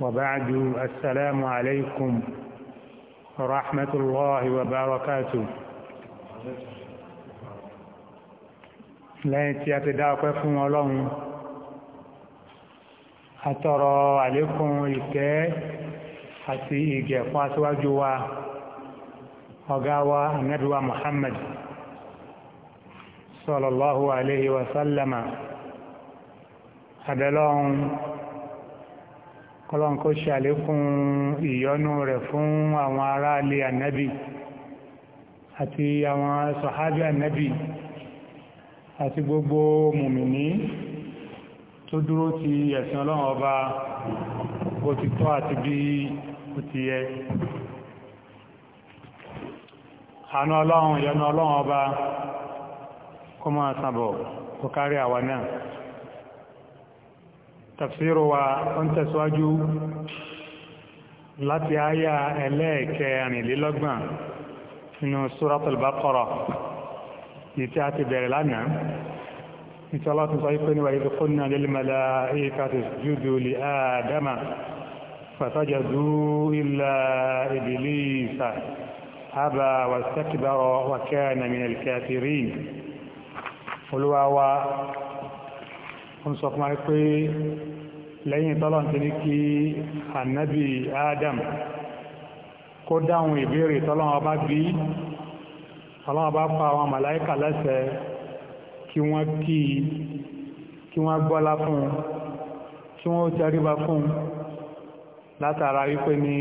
وبعد السلام عليكم ورحمة الله وبركاته lẹ́yìn tí a ti dá ọpẹ́ fún ọlọ́run àtọrọ àlékún ìkẹ́ àti ìgẹ̀ fún aṣíwájú wa ọ̀gá wa ànábì wa Muhammad sallallahu alaihi wasallama abẹ́lọ́run kọlọ́n kó ṣe àlékún ìyọ́nú rẹ̀ fún àwọn aráalé ànábì àti àwọn sọ̀hábí ànábì àti gbogbo mùmìní tó dúró ti ẹ̀sìn ọlọ́run ọba bó ti tọ́ àti bí ó ti yẹ àánú ọlọ́run ìyọ́nú ọlọ́run ọba kó máa sàbọ̀ kó kárí àwa náà tafsiru wa ń tẹ̀síwájú láti àyà ẹlẹ́ẹ̀kẹrìnlélọ́gbọ̀n nínú suratul baqara yìí tí a ti bẹ̀rẹ̀ lánàá nítorí ọlọ́tún sọ wípé níwà idh qulna lil malaikati isjudu li adama fasajadu illa iblisa aba wastakbara wa kana minal kafirin olúwa ń sọ fún wa pé lẹ́yìn tọ́lọ́n ti ní kí ànábì Adam kó dáhùn ìbéèrè tọ́lọ́n ọba bí tọ́lọ́n ọba pa àwọn màláíkà lẹ́sẹ̀ kí wọ́n kí kí wọ́n gbọ́lá fún un kí wọ́n tẹríba fún látara wípé ní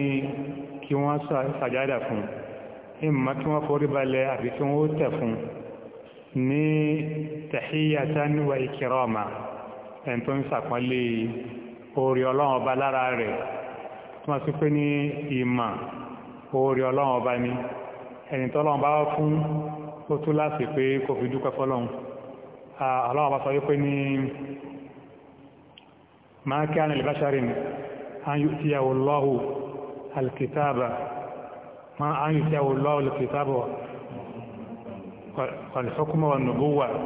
kí wọ́n sàjádà fún ìmọ̀ kí wọ́n forí balẹ̀ àbí kí wọ́n tẹ̀ fún un ní tẹ̀híyàtán wa ìkìrọ̀mà ẹni tó ń sàpọ́nlé oore ọlọ́run ọba lára rẹ̀ tó máa sí pé ní ìmà oore ọlọ́run ọba ni ẹni tọ́lọ́run bá wá fún ó tún láti pé kò fi dúpẹ́ fọ́lọ́run ọlọ́run ọba sọ wípé ní máa kí ánà ìbáṣarin anyùtíyàwó lọ́hù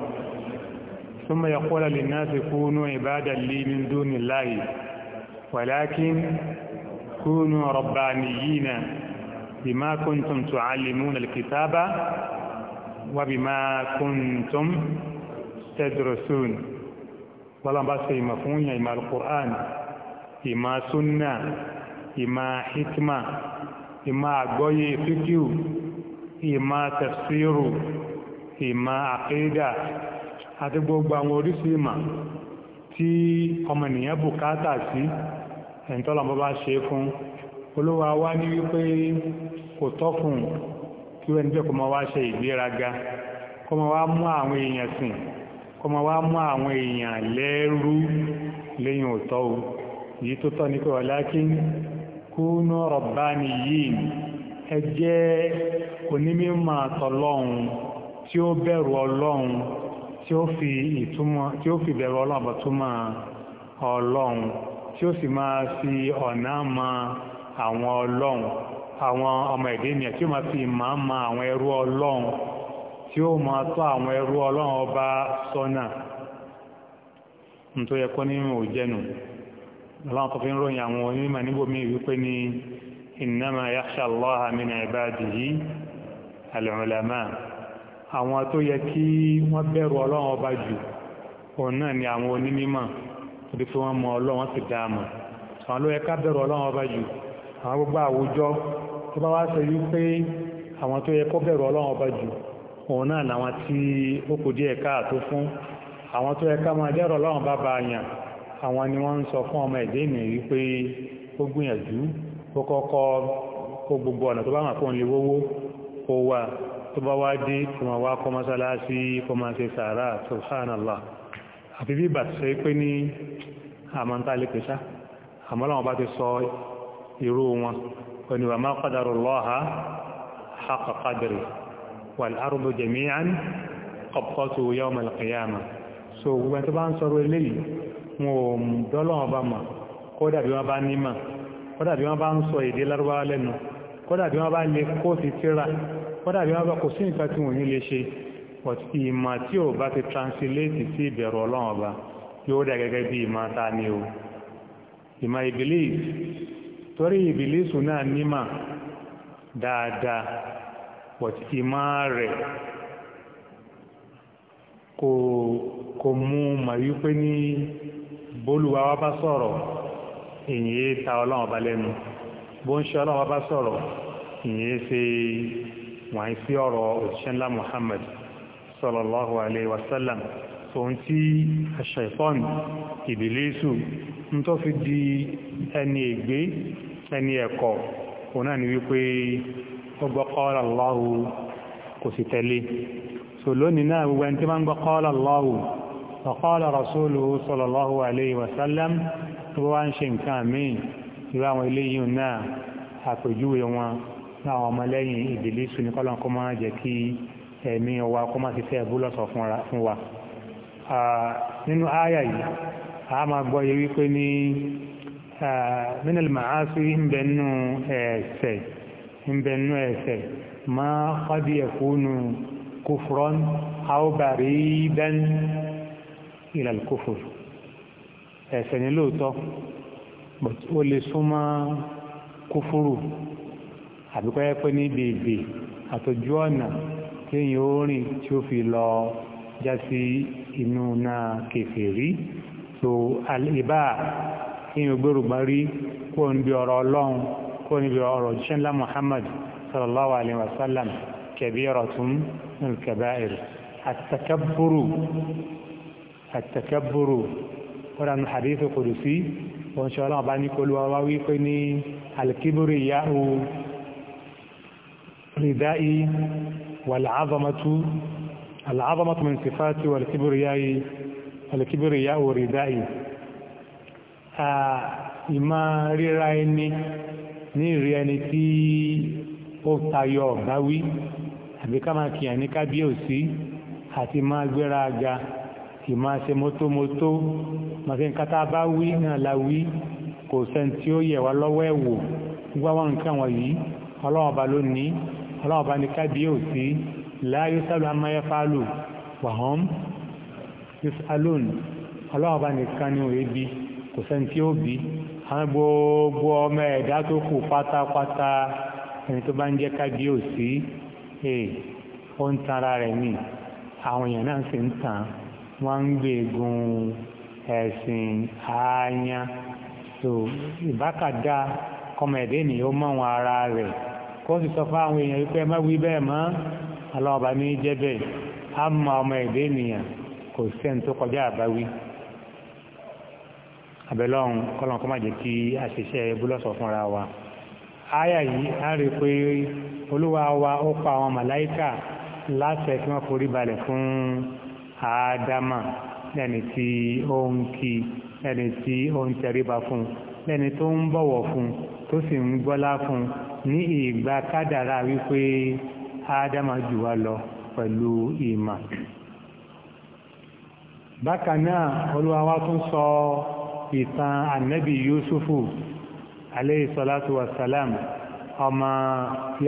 ثم يقول للناس كونوا عبادا لي من دون الله ولكن كونوا ربانيين بما كنتم تعلمون الكتابة وبما كنتم تدرسون ولم بس مفهوم إما القرآن إما سنة إما حكمة إما أقوي فكيو إما تفسير إما عقيدة àti gbogbo àwọn orísun ìmọ̀ tí ọmọnìyàn bùkátà sí ẹ̀ńtọ́lọ́mọ́ bá ṣe fún olúwa wá ní wípé kò tọ́ fún kí wọ́n jẹ́ kó máa wá ṣe ìgbéraga kó máa wá mú àwọn èèyàn sìn kó máa wá mú àwọn èèyàn lẹ́rú lẹ́yìn òtọ́ o èyí tó tọ́ ní pé walakin kunu rabbaniyin ẹ jẹ́ onímọ̀ àtọlọ́hun tí ó bẹ̀rù ọlọ́hun tí ó fi ìtumọ̀ tí ó fi bẹ̀rù ọlọ́ọ̀bọ̀ túmọ̀ ọlọ́run tí ó sì máa fi ọ̀nà ma àwọn ọlọ́run àwọn ọmọ èdè ènìyàn tí ó máa fi ìmọ̀ ma àwọn ẹrú ọlọ́run tí ó máa tọ́ àwọn ẹrú ọlọ́run ọba sọ́nà nítorí ẹ̀kọ́ àwọn tó yẹ kí wọ́n bẹ̀rù ọlọ́run ọba jù òun náà ni àwọn onímọ̀ torí pé wọ́n mọ ọlọ́run sì dáa mọ̀ àwọn ló yẹ ká bẹ̀rù ọlọ́run ọba jù àwọn gbogbo àwùjọ tó bá wá sọ yí pé àwọn tó yẹ kó bẹ̀rù ọlọ́run ọba jù òun náà làwọn tí ó kù díẹ̀ káàtó fún àwọn tó yẹ ká máa bẹ̀rù ọlọ́run bá ba àyàn àwọn ni wọ́n ń sọ fún ọmọ ẹ̀dẹ́ ènìyàn wípé ó ó tó bá wá dé kó máa wá kọ́ mọ́sálásí kó máa ṣe sàárà subhanallah àfi bí bàtí sọ pé ní àmọ́ntálẹ̀ pẹ̀ṣá àmọ́ làwọn bá ti sọ irú wọn pẹ̀lú wa ma qadarullaha haqqa qadri wal ardu jami'an qabdatuhu yawm al-qiyamah so gbogbo ẹni bá ń sọ̀rọ̀ eléyìí wọn ò dọ́lọ́wọ́n bá mà kódà bí wọ́n bá ní mà kódà bí wọ́n bá ń sọ èdè lárúbáwá lẹ́nu kódà bí wọ́n bá lè kóòtù tíra kọ́dà bí wọ́n bá kò sí nǹkan tí wọ́n ní lè ṣe but ìmọ̀ tí ò bá ti translate sí ìbẹ̀rù ọlọ́run ọba yóò dà gẹ́gẹ́ bí ìmọ̀ ta ni o ìmọ̀ ìbílíìs torí ìbílíìsù náà nímà dáadáa but ìmọ̀ rẹ̀ kò mú mọ̀ wípé ní bólúwa wa bá sọ̀rọ̀ èyí ta ọlọ́run ọba lẹ́nu bó ń ṣe ọlọ́run ọba sọ̀rọ̀ ìyẹn ṣe wọ́n ń sí ọ̀rọ̀ òṣìṣẹ́lá Muhammad sallallahu alaihi wasallam tó ń tí aṣẹ́fọ́n ìbìlísù ń tó fi di ẹni ègbé ẹni ẹ̀kọ́ òun náà ni wípé ó gbọ́ qala Allahu kò sì tẹ̀lé so lónìí náà gbogbo ẹni tí máa àpèjúwe wọn láwọn ọmọlẹ́yìn ìbílísù ní kọ́lọ́n kó máa jẹ́ kí ẹ̀mí ọwa kó máa ti fẹ́ ẹ̀bú lọ́sọ̀ fún wa nínú àyà yìí a máa gbọ́ yẹ wípé ní minal ma'asi ń bẹ nínú ẹ̀ṣẹ̀ ń bẹ nínú ẹ̀ṣẹ̀ máa kọ́dí ẹ̀kúnnù kufron aw baridan ila al ní lóòótọ́ ó lè súnmọ́ kúfúrù àbí kọ́ yẹ pé ní bèbè àtọ́jú ọ̀nà tí èyàn ó rìn tí ó fi lọ já sí inú náà kèfèrí so àlèbá èyàn gbèrògbà rí kó ń bí ọ̀rọ̀ ọlọ́run kó ń bí ọ̀rọ̀ jíṣẹ́ńlá Muhammad sallallahu alaihi wasallam kabiratun min al-kaba'ir at-takabburu at-takabburu wọ́n dánú hadith qudusi wọ́n ṣe ọlọ́run bá ní kó lọ́wọ́ wípé ní al-kibriya ردائي والعظمة العظمة من صفاتي والكبرياء الكبرياء ردائي ìmá ríra ẹni ní ìrí ẹni tí ó tayọ ọ̀gá wí àbí ká máa kìyàn ní kábíyèsí àti máa gbéra aga ìmá ṣe mótómótó màfin kátá bá wí náà la wí kò sẹ́ni tí ó yẹ̀ wá lọ́wọ́ ẹ̀wò gbáwọn nǹkan wọ̀nyí ọlọ́wọ́n ba ló ní ọlọ́ọ̀bá ní kábíyèsí láyé sálù amáyẹ́fálù wàhán yusalun ọlọ́ọ̀bá nìkan ni òye bí kò sẹ́ni tí ó bí àwọn gbogbo ọmọ ẹ̀dá tó kù pátápátá ẹni tó bá ń jẹ́ kábíyèsí ee eh, ó ń tan ara rẹ̀ ni àwọn èèyàn náà sì ń tàn wọ́n ń gbẹ̀gùn ẹ̀sìn ààyàn so ìbákàdá kọmọ ẹ̀dẹ́ wọn ara rẹ̀ kó sì sọ fún àwọn èèyàn wípé má wí bẹ́ẹ̀ mọ́ aláwọ̀bá ní jẹ́ bẹ́ẹ̀ á mọ ọmọ ẹ̀dẹ́ ènìyàn kò sẹ́ni tó kọjá àbáwí àbẹ̀lọ́run kọ́lọ́n kọ́ má jẹ́ kí àṣìṣe búlọ́sọ̀ fúnra wa áyà yìí á rí pé olúwa wa ó pa àwọn màláìkà láṣẹ kí wọ́n forí balẹ̀ fún ádámà lẹ́ni tí ó ń kí lẹ́ni tí ó ń tẹríba fún un lẹ́ni tó ń bọ̀wọ̀ fún tó sì ń gbọ́lá fún ní ìgbà kádàrá wípé ádámà jù wá lọ pẹ̀lú ìmà bákan náà olúwa wa tún sọ ìtàn ànábì yusufu alayhi salatu ọmọ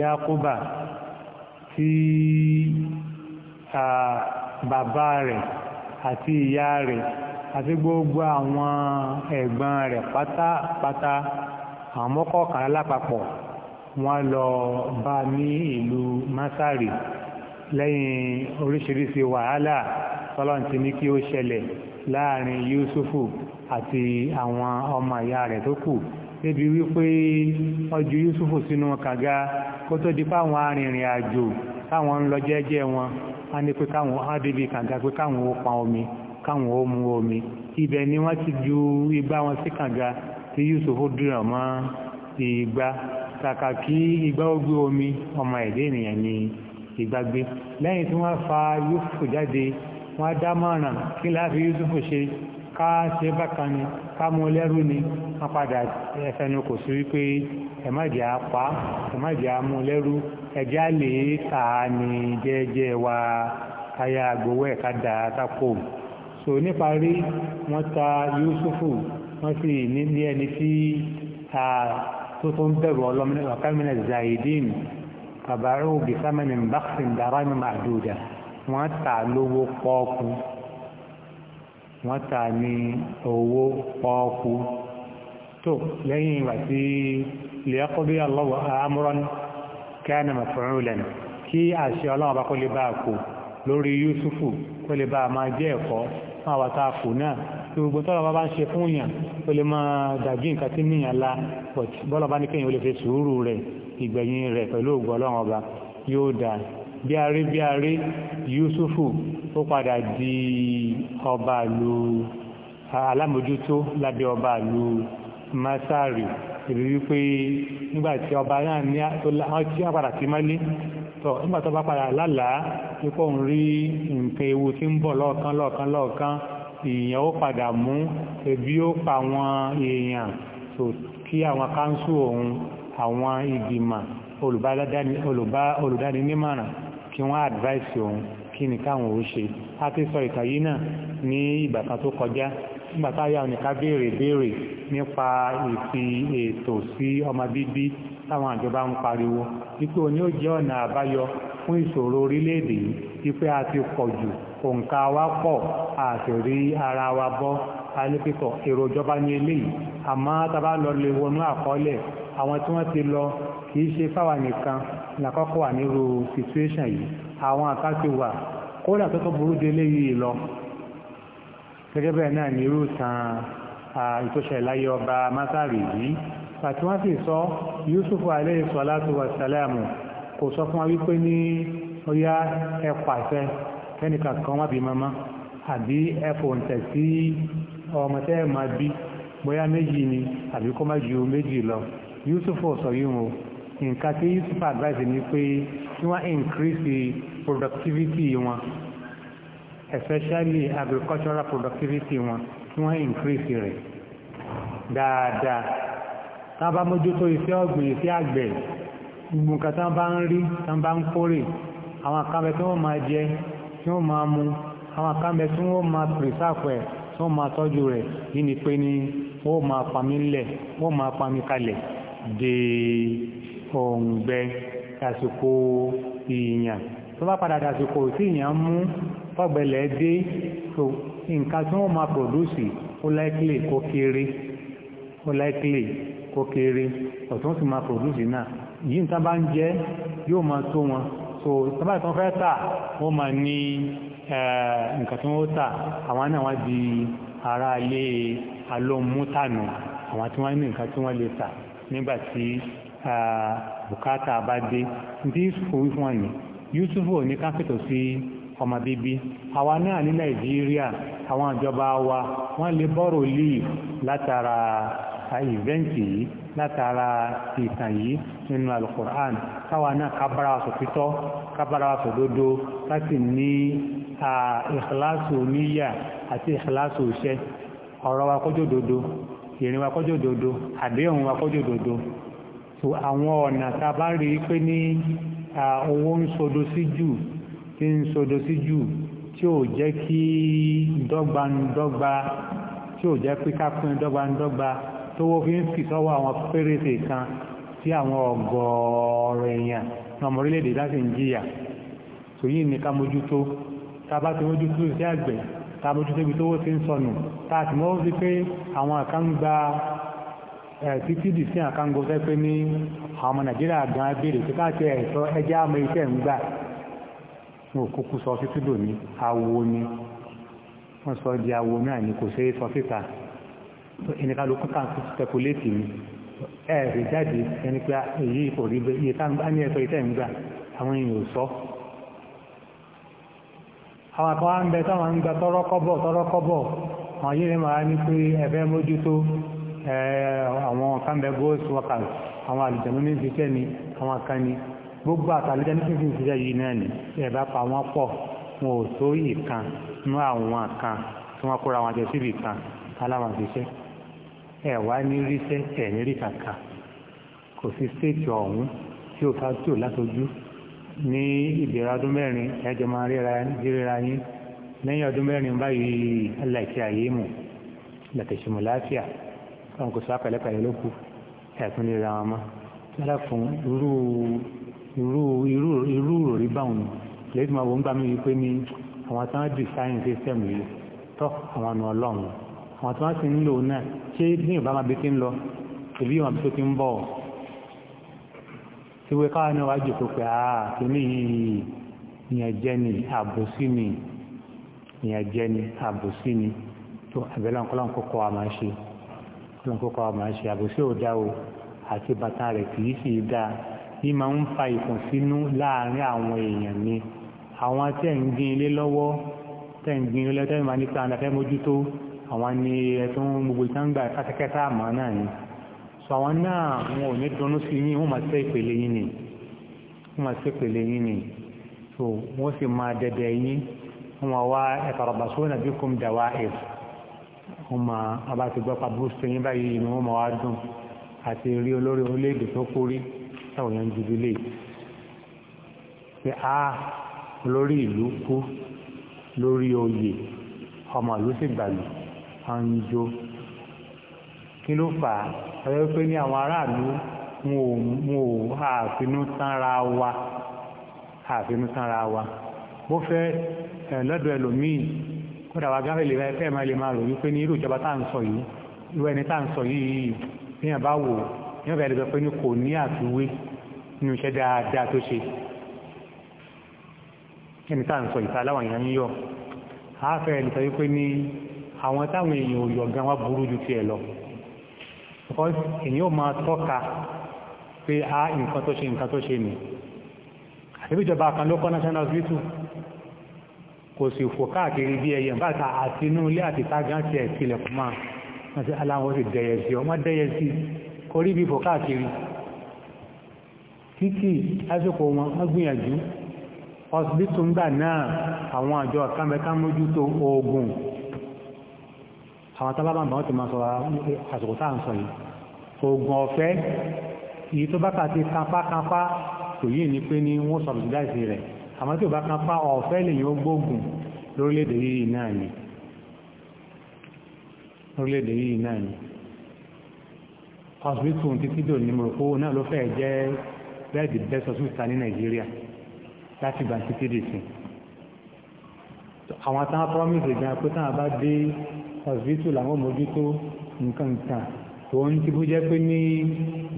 yakuba tí bàbá rẹ̀ àti ìyá rẹ̀ àti gbogbo àwọn ẹ̀gbọ́n rẹ̀ pátápátá àwọn mọ́kọ̀ọ̀kan lápapọ̀ wọ́n lọ bá ní ìlú masari lẹ́yìn oríṣiríṣi wàhálà tọ́lọ́ntì ní kí ó ṣẹlẹ̀ láàrin yusufu àti àwọn ọmọ ìyá rẹ̀ tó kù débi wípé wọ́n ju yusufu sínú kànga kó tó di fáwọn arìnrìn àjò táwọn ń lọ jẹ́jẹ́ wọn á ní pé káwọn á débi kànga pé káwọn ó pa omi káwọn ó mu omi ibẹ̀ ni wọ́n ti ju igbá wọn sí kànga tí Yusuf dúrà mọ́ igbá kàkà kí igbá ó gbé omi ọmọ ẹ̀dẹ́ ènìyàn ni igbá gbé lẹ́yìn tí wọ́n fa Yusuf jáde wọ́n dá mọ̀ràn kí láàfin Yusuf ṣe ká ṣe bákan ni ká mú lẹ́rú ni wọ́n padà ẹfẹnu kò sí wípé ẹ má jẹ́ apá ẹ má jẹ́ amú lẹ́rú ẹjẹ́ àlè tàà ní jẹ́ẹ́jẹ́ wa káyà gbowó ẹ̀ ká dà á sápò so níparí wọ́n ta yusufu wọ́n sì ní ẹni tí tó tó ń bẹ̀rù ọlọ́mọdé ọ̀kánmínà zaidin kàbàrú bisamani baksin darami ma'duda wọ́n ta lówó pọ́ọ́kú wọ́n ta ní owó pọ́ọ́kú tó lẹ́yìn ìgbà tí liyaqdi Allahu amran kana maf'ulan kí àṣẹ ọlọ́run bá kó lè bá kó lórí yusufu kó lè bá máa jẹ́ ẹ̀kọ́ fún àwọn tá náà gbogbo tọ́lọ̀ bá bá ń ṣe fún yàn ó lè máa dàbí nǹkan tí níyàn la bọ́lọ̀ bá ní kéèyàn ó lè fi sùúrù rẹ̀ ìgbẹ̀yìn rẹ̀ pẹ̀lú ògbọ́ ọlọ́run ọba yóò dà bí arí bí arí Yusufu ó padà di ọba lu alámòjútó lábẹ́ ọba lu Masari ìrírí pé nígbà tí ọba náà ní àwọn tí mọ́lé tọ́ nígbà tó bá padà lálàá nípa òun rí nǹkan ewu tí ń bọ̀ lọ́ọ̀kan lọ́ọ̀kan lọ́ọ̀kan èèyàn ó padà mú ebi ó pa àwọn èèyàn tó kí àwọn káńsù òun àwọn ìgbìmọ̀ olùdáninímọ̀ràn kí wọ́n advice òun kí ni káwọn ó ṣe a ti sọ ìtàyí náà ní ìgbà kan tó kọjá nígbà táyà òníká béèrè béèrè nípa ìfi ètò sí ọmọ bíbí táwọn àjọba ń pariwo wípé òní ó jẹ́ ọ̀nà àbáyọ fún ìṣòro orílẹ̀-èdè yìí wípé a ti pọ̀ jù òǹkà wa pọ̀ a sì rí ara wa bọ́ a ní pípọ̀ èrò ìjọba ní eléyìí àmọ́ tábà lọ lè wọnú àkọọ́lẹ̀ àwọn tí wọ́n ti lọ kì í ṣe fáwa nìkan làkọ́kọ́ wà nírú situation yìí àwọn àká ti wà kódà tó tó burú délé yìí lọ gẹ́gẹ́ bẹ́ẹ̀ náà ní irú ìtàn ìtòṣẹ̀láyé ọba mátàrí yìí pàtí wọ́n sì sọ Yusuf alayhi salatu wa salamu kò sọ fún wa wípé ní ọya ẹ pàṣẹ kẹ́nìkan kan wọ́n bí mama àbí ẹ fòǹtẹ̀ sí ọmọ tẹ́ ẹ máa bí bóyá méjì ni àbí kó má ju méjì lọ Yusuf sọ yìí o nǹkan tí Yusuf advice ni pé kí wọ́n increase productivity wọn especially agricultural productivity wọn kí wọ́n increase rẹ̀ dáadáa tán bá mójútó iṣẹ́ ọ̀gbìn iṣẹ́ àgbẹ̀ gbogbo nǹkan tán bá ń rí tán bá ń kórè àwọn akámbẹ tí wọ́n máa jẹ tí wọ́n máa mu àwọn akámbẹ tí wọ́n máa pèsàpẹ̀ tí wọ́n máa tọ́jú rẹ̀ yìí ni pé ní wọ́n máa pami lẹ̀ wọ́n máa pami kalẹ̀ de òǹgbẹ dàsìkò ìyàn tó bá padà dàsìkò tí ìyàn mú tọ́gbẹ̀lẹ̀ dé so nǹkan tí wọ́n máa pòdúsì ó láìkìlì kó kéré ó láìkìlì ó kéré ọ̀tún sì máa pòdúsì náà yìí tán bá ń jẹ́ yóò máa tó wọn so tọ́bá ìtàn fẹ́ tà wọ́n n'i ní nǹkan tí tà àwọn náà wá di ara ilé alómútànù àwọn tí wọ́n ní nǹkan tí wọ́n lè tà nígbà tí bùkátà bá dé ní Yusufu fún wọn ni Yusufu ò ní káfíntò sí ọmọ bíbí àwa náà ní Nàìjíríà àwọn ìjọba wa wọ́n lè bọ́rọ̀ ka ìvẹ́ǹtì yìí látara ìtàn yìí nínú alukur'an káwa náà kábára wa sọ̀títọ́ kábára wa sọ̀dodo láti ní ìkìláàsù níyà àti ìkìláàsù iṣẹ́ ọ̀rọ̀ wa kọjọ́ dodo ìrìn wa kọjọ́ dodo àdéhùn wa kọjọ́ dodo so àwọn ọ̀nà tá a bá rí i pé ní owó ń sodo sí jù tí ń sodo sí jù tí ò jẹ́ kí dọ́gbandọ́gba tí ò jẹ́ pé ká pín dọ́gbandọ́gba tówó fi ń fi sọ́wọ́ àwọn péréte kan tí àwọn ọgọ́ọ̀rọ̀ èèyàn náà mọ̀ orílẹ̀-èdè láti ń jìyà tòyí ní ká mójútó tàbá ti mójútó sí àgbẹ̀ tàbá mójútó ibi tówó ti ń sọnù tààtì mọ́ sí pé àwọn àkáǹgbà títí sí àkáǹgbò fẹ́ pé ní àwọn ọmọ nàìjíríà gan béèrè pé káàkiri ẹ̀sọ́ ẹjẹ́ àmọ́ iṣẹ́ ń gbà wọn ò kúkú sọ títí dò ní awo ni wọ́n sọ di awo náà ni kò ṣeé sọ síta ẹni ká ló kún ká tó speculate mi ẹ rí jáde ẹni pé ah, èyí kò rí bẹ́ẹ̀ iye táwọn bá ní ẹ̀sọ́ ìtẹ́ ń gbà àwọn èèyàn ò sọ. àwọn kan wá ń bẹ táwọn ń gba tọrọ kọ́bọ̀ tọrọ kọ́bọ̀ àwọn yìí lè máa ní pé ẹ̀fẹ́ mójútó àwọn kan bẹ workers àwọn àlùjẹ̀mọ́ ní ìṣiṣẹ́ ni àwọn kan ni gbogbo àtàlẹ́jẹ́ ní fífi ìṣiṣẹ́ yìí náà ni ẹ̀bá pa wọ́n pọ̀ wọn ò tó ìkan nú àwọn kan tí wọ́n kóra wọn jẹ síbì kan aláwọn ìṣiṣẹ́ ẹ̀wá ní ríṣẹ́ ẹ̀yìn rí kàkà kò sí stéètì ọ̀hún tí ó ká tó látojú ní ìbẹ̀rẹ̀ ọdún mẹ́rin ẹjọ́ máa ríra yín lẹ́yìn ọdún mẹ́rin báyìí aláìsí ayé mù làtẹ̀sùmù láàfíà wọn kò sọ àpẹlẹpẹlẹ ló kù ẹ̀kún lè ra wọn mọ́ lára fún irú irú irú irú òrí báwọn lẹ́yìn tí wọ́n gbà mí wípé ní àwọn táwọn dì sáyẹ̀nsì sẹ́mù yìí tọ́ àwọn ọ̀nà ọlọ́run àwọn tí wọ́n sì ń lò náà ṣé bí ìbá máa bí tí ń lọ ìbí ìwọ̀n tó ti ń bọ̀ tí wé káwà náà wájú tó pé àà tó ní ìyàn ni àbòsí ni ìyàn jẹ́ ni àbòsí ni tó àbẹ̀lẹ̀ ọ̀kọ́lọ́n kọ́kọ́ wa máa ṣe ọ̀kọ́lọ́n kọ́kọ́ wa máa ṣe àbòsí ò dá àti bàtà rẹ̀ kì í sì dá ní máa ń fa ìkùnsínú láàárín àwọn èèyàn ni àwọn tẹ̀ ń gbin ilé lọ́wọ́ tẹ̀ ń gbin ilé lọ́wọ́ tẹ̀ ń máa nípa àdàfẹ́ àwọn ni ẹ̀tọ́ gbogbo ìtàǹgbà kátàkátà àmà náà ni so àwọn náà wọn ò ní dùnnú sí yín wọ́n máa ṣe ìpele yín ni wọ́n máa ṣe ìpele yín ni so wọ́n sì máa dẹ̀dẹ̀ yín wọ́n máa wá yatarabasuna bikum dawa'ir wọ́n máa abá ti gbọ́ pa bruce yín báyìí inú wọ́n máa wá dùn àti rí olórí orílẹ̀-èdè tó kórí táwọn èèyàn jubilé pé a olórí ìlú kú lórí oyè ọmọ ìlú sì gbàlù Sanjo kí ló fà á ọ̀rẹ́ pé ní àwọn aráàlú mo ò àfinú tánra wa àfinú tánra wa bó fẹ́ lọ́dọ̀ ẹlòmíì kódà wa gáfẹ́ lè rẹ fẹ́ máa lè máa rò wípé ní irú ìjọba tá à ń sọ yìí irú ẹni tá à ń sọ yìí níyàn bá wò ní ọ̀bẹ̀ ẹ̀dẹ̀gbẹ̀ pé ní kò ní àfiwé nínú iṣẹ́ dáadáa tó ṣe ẹni tá à ń sọ ìta aláwọ̀ èèyàn ń yọ àáfẹ́ ẹni sọ wípé ní àwọn táwọn èèyàn òyọ̀ gan wá burú ju tiẹ̀ lọ because èyí ò máa tọ́ka pé a ah, nǹkan tó ṣe nǹkan tó ṣe nì àtẹ́bíjọba kan ló kọ́ national hospital kò sì fò káàkiri bí ẹyẹ bàtà àti inú ilé àti tágán ti ẹ̀ tilẹ̀ fún máa wọ́n ti aláwọ̀ sì dẹ̀yẹ sí ọ wọ́n bí fò káàkiri náà àwọn àjọ kàmẹ́kà mójútó oògùn àwọn tábàbà máa ti máa sọ àsìkò tá à ń sọ yìí oògùn ọ̀fẹ́ èyí tó bá kàti kápákápá kò yí ni pé ní wọ́n sọ̀rọ̀sìdáìsì rẹ̀ àmọ́ tí ò bá kápá ọ̀fẹ́ lèyìn ó gbóògùn lórílẹ̀-èdè yìí náà ni orílẹ̀-èdè yìí náà ni hospital títí dò ní morocco náà ló fẹ́ jẹ́ bẹ́ẹ̀dì best ní nàìjíríà láti gbà títí dì àwọn táwọn promise ìgbà pé táwọn bá dé hospital làwọn mójútó nǹkan nǹkan tó ń tí bó jẹ́ pé ní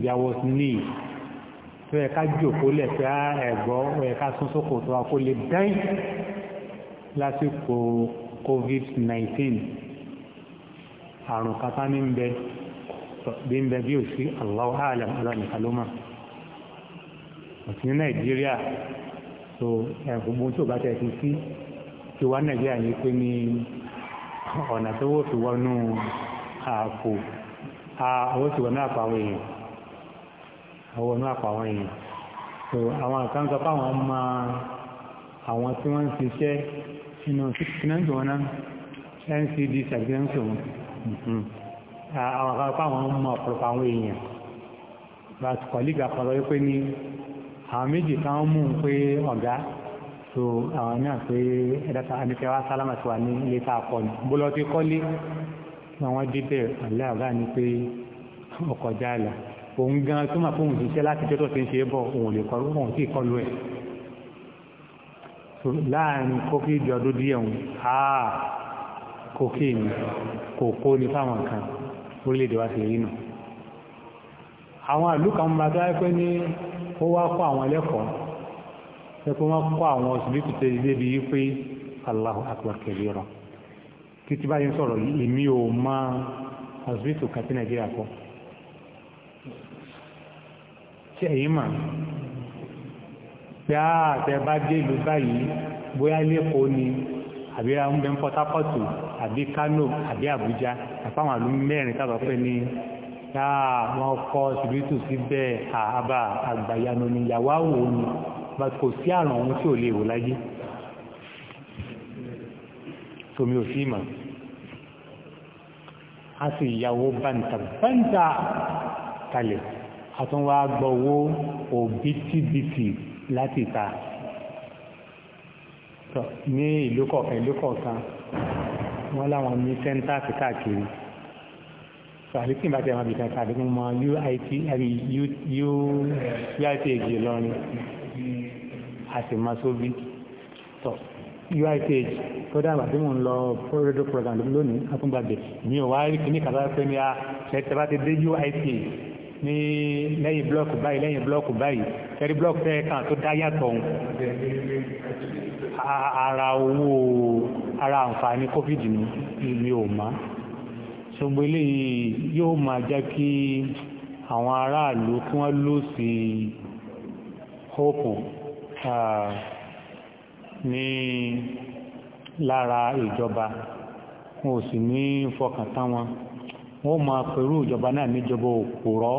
there was need tó yẹ ká jòkó lẹ̀ pé á ah, ẹ̀gbọ́ ẹ̀ ká tó wa kó lè dáì lásìkò covid-19 àrùn kata ní ń bẹ bí ń bẹ bí ò sí Allahu a'lam ọlọ́nìkan ló mọ̀ ọ̀tí ní nàìjíríà tó ẹ̀gbogbo tó bá tẹ̀ sí sí tiwa nàìjíríà ní pé ní ọ̀nà tó wò fi wọnú àpò àwọn ti wọnú àpò àwọn èèyàn àwọn wọnú àpò àwọn èèyàn so àwọn kan sọ fáwọn ọmọ àwọn tí wọ́n ń ṣiṣẹ́ nínú fínáǹsì wọn náà ncd sàgbẹ́ǹsì wọn àwọn kan fáwọn ọmọ ọ̀pọ̀lọpọ̀ àwọn èèyàn bá kọ̀lígà kan lọ wípé ní àwọn méjì kan mú pé ọ̀gá so àwọn náà pé ẹ̀dàta àdìkẹ́ wa sálámà ti wà ní ilé tá a kọ ni bó lọ ti kọ́lé àwọn débẹ̀ àlẹ́ àbá ni pé ọkọ̀ jáàlà òun gan tó máa fóun ṣiṣẹ́ láti jẹ́ tó ti ń ṣe é bọ̀ òun lè kọ́ òun sì kọlu ẹ̀ so láàrin kókí ìjọ ọdún díẹ̀ òun àà kókí ni kò kó ni fáwọn kan orílẹ̀-èdè wa sì rí nù àwọn àlùkà ń bá pé ní ó wá kó àwọn ẹlẹ́kọ̀ọ́ ṣe pé wọ́n kọ́ àwọn ọ̀sìbítù tẹ́ ilé bí wípé Allahu akbar kabira títí báyìí sọ̀rọ̀ èmi ò mọ ọ̀sìbítù kan tí Nàìjíríà kọ́ ṣe ẹ̀yìn mà pé àtẹ bá dé ìlú báyìí bóyá lẹ́kọ̀ọ́ ni àbí ọmọbẹ̀ ń Port Harcourt àbí Kano àbí Àbújá àpáwọn àlú mẹ́rin tàbí pé ní yáà wọ́n kọ́ ọ̀sìbítù síbẹ̀ àbá àgbàyanu ni yàwá wò ni but kò sí àrùn ohun tí ò lè wò láyé tomi ò sí ìmọ̀ a sì yàwó báńtà báńtà kalẹ̀ a tún wá gbọ́wó òbítíbitì láti ta ní ìlú kọ̀ọ̀kan ìlú kọ̀ọ̀kan wọ́n láwọn ní sẹ́ńtà sí káàkiri àlékí ìbá tẹ̀ wọn bìkan káàkiri mọ́ UIT UIT èjì lọ́rin a sì máa sóbi tọ̀ uith kódà àgbà tí mò ń lọ rédíò program lónìí àtúngbàgbé mi ò wá rí kíní kàtà pé ní a ṣẹ̀tẹ̀ bá ti dé uith ní lẹ́yìn blọ́ọ̀kù báyìí lẹ́yìn blọ́ọ̀kù báyìí ẹ̀rí blọ́ọ̀kù tẹ́ kan tó dá yàtọ̀ ohun ara owó ara àǹfààní covid ni ò má ṣùgbọ́n eléyìí yóò máa jẹ́ kí àwọn aráàlú kí wọ́n lòsì hope ní lára ìjọba wọn ò sì ní fọkàn táwọn wọn máa pẹ̀lú ìjọba náà níjọba òpòrọ́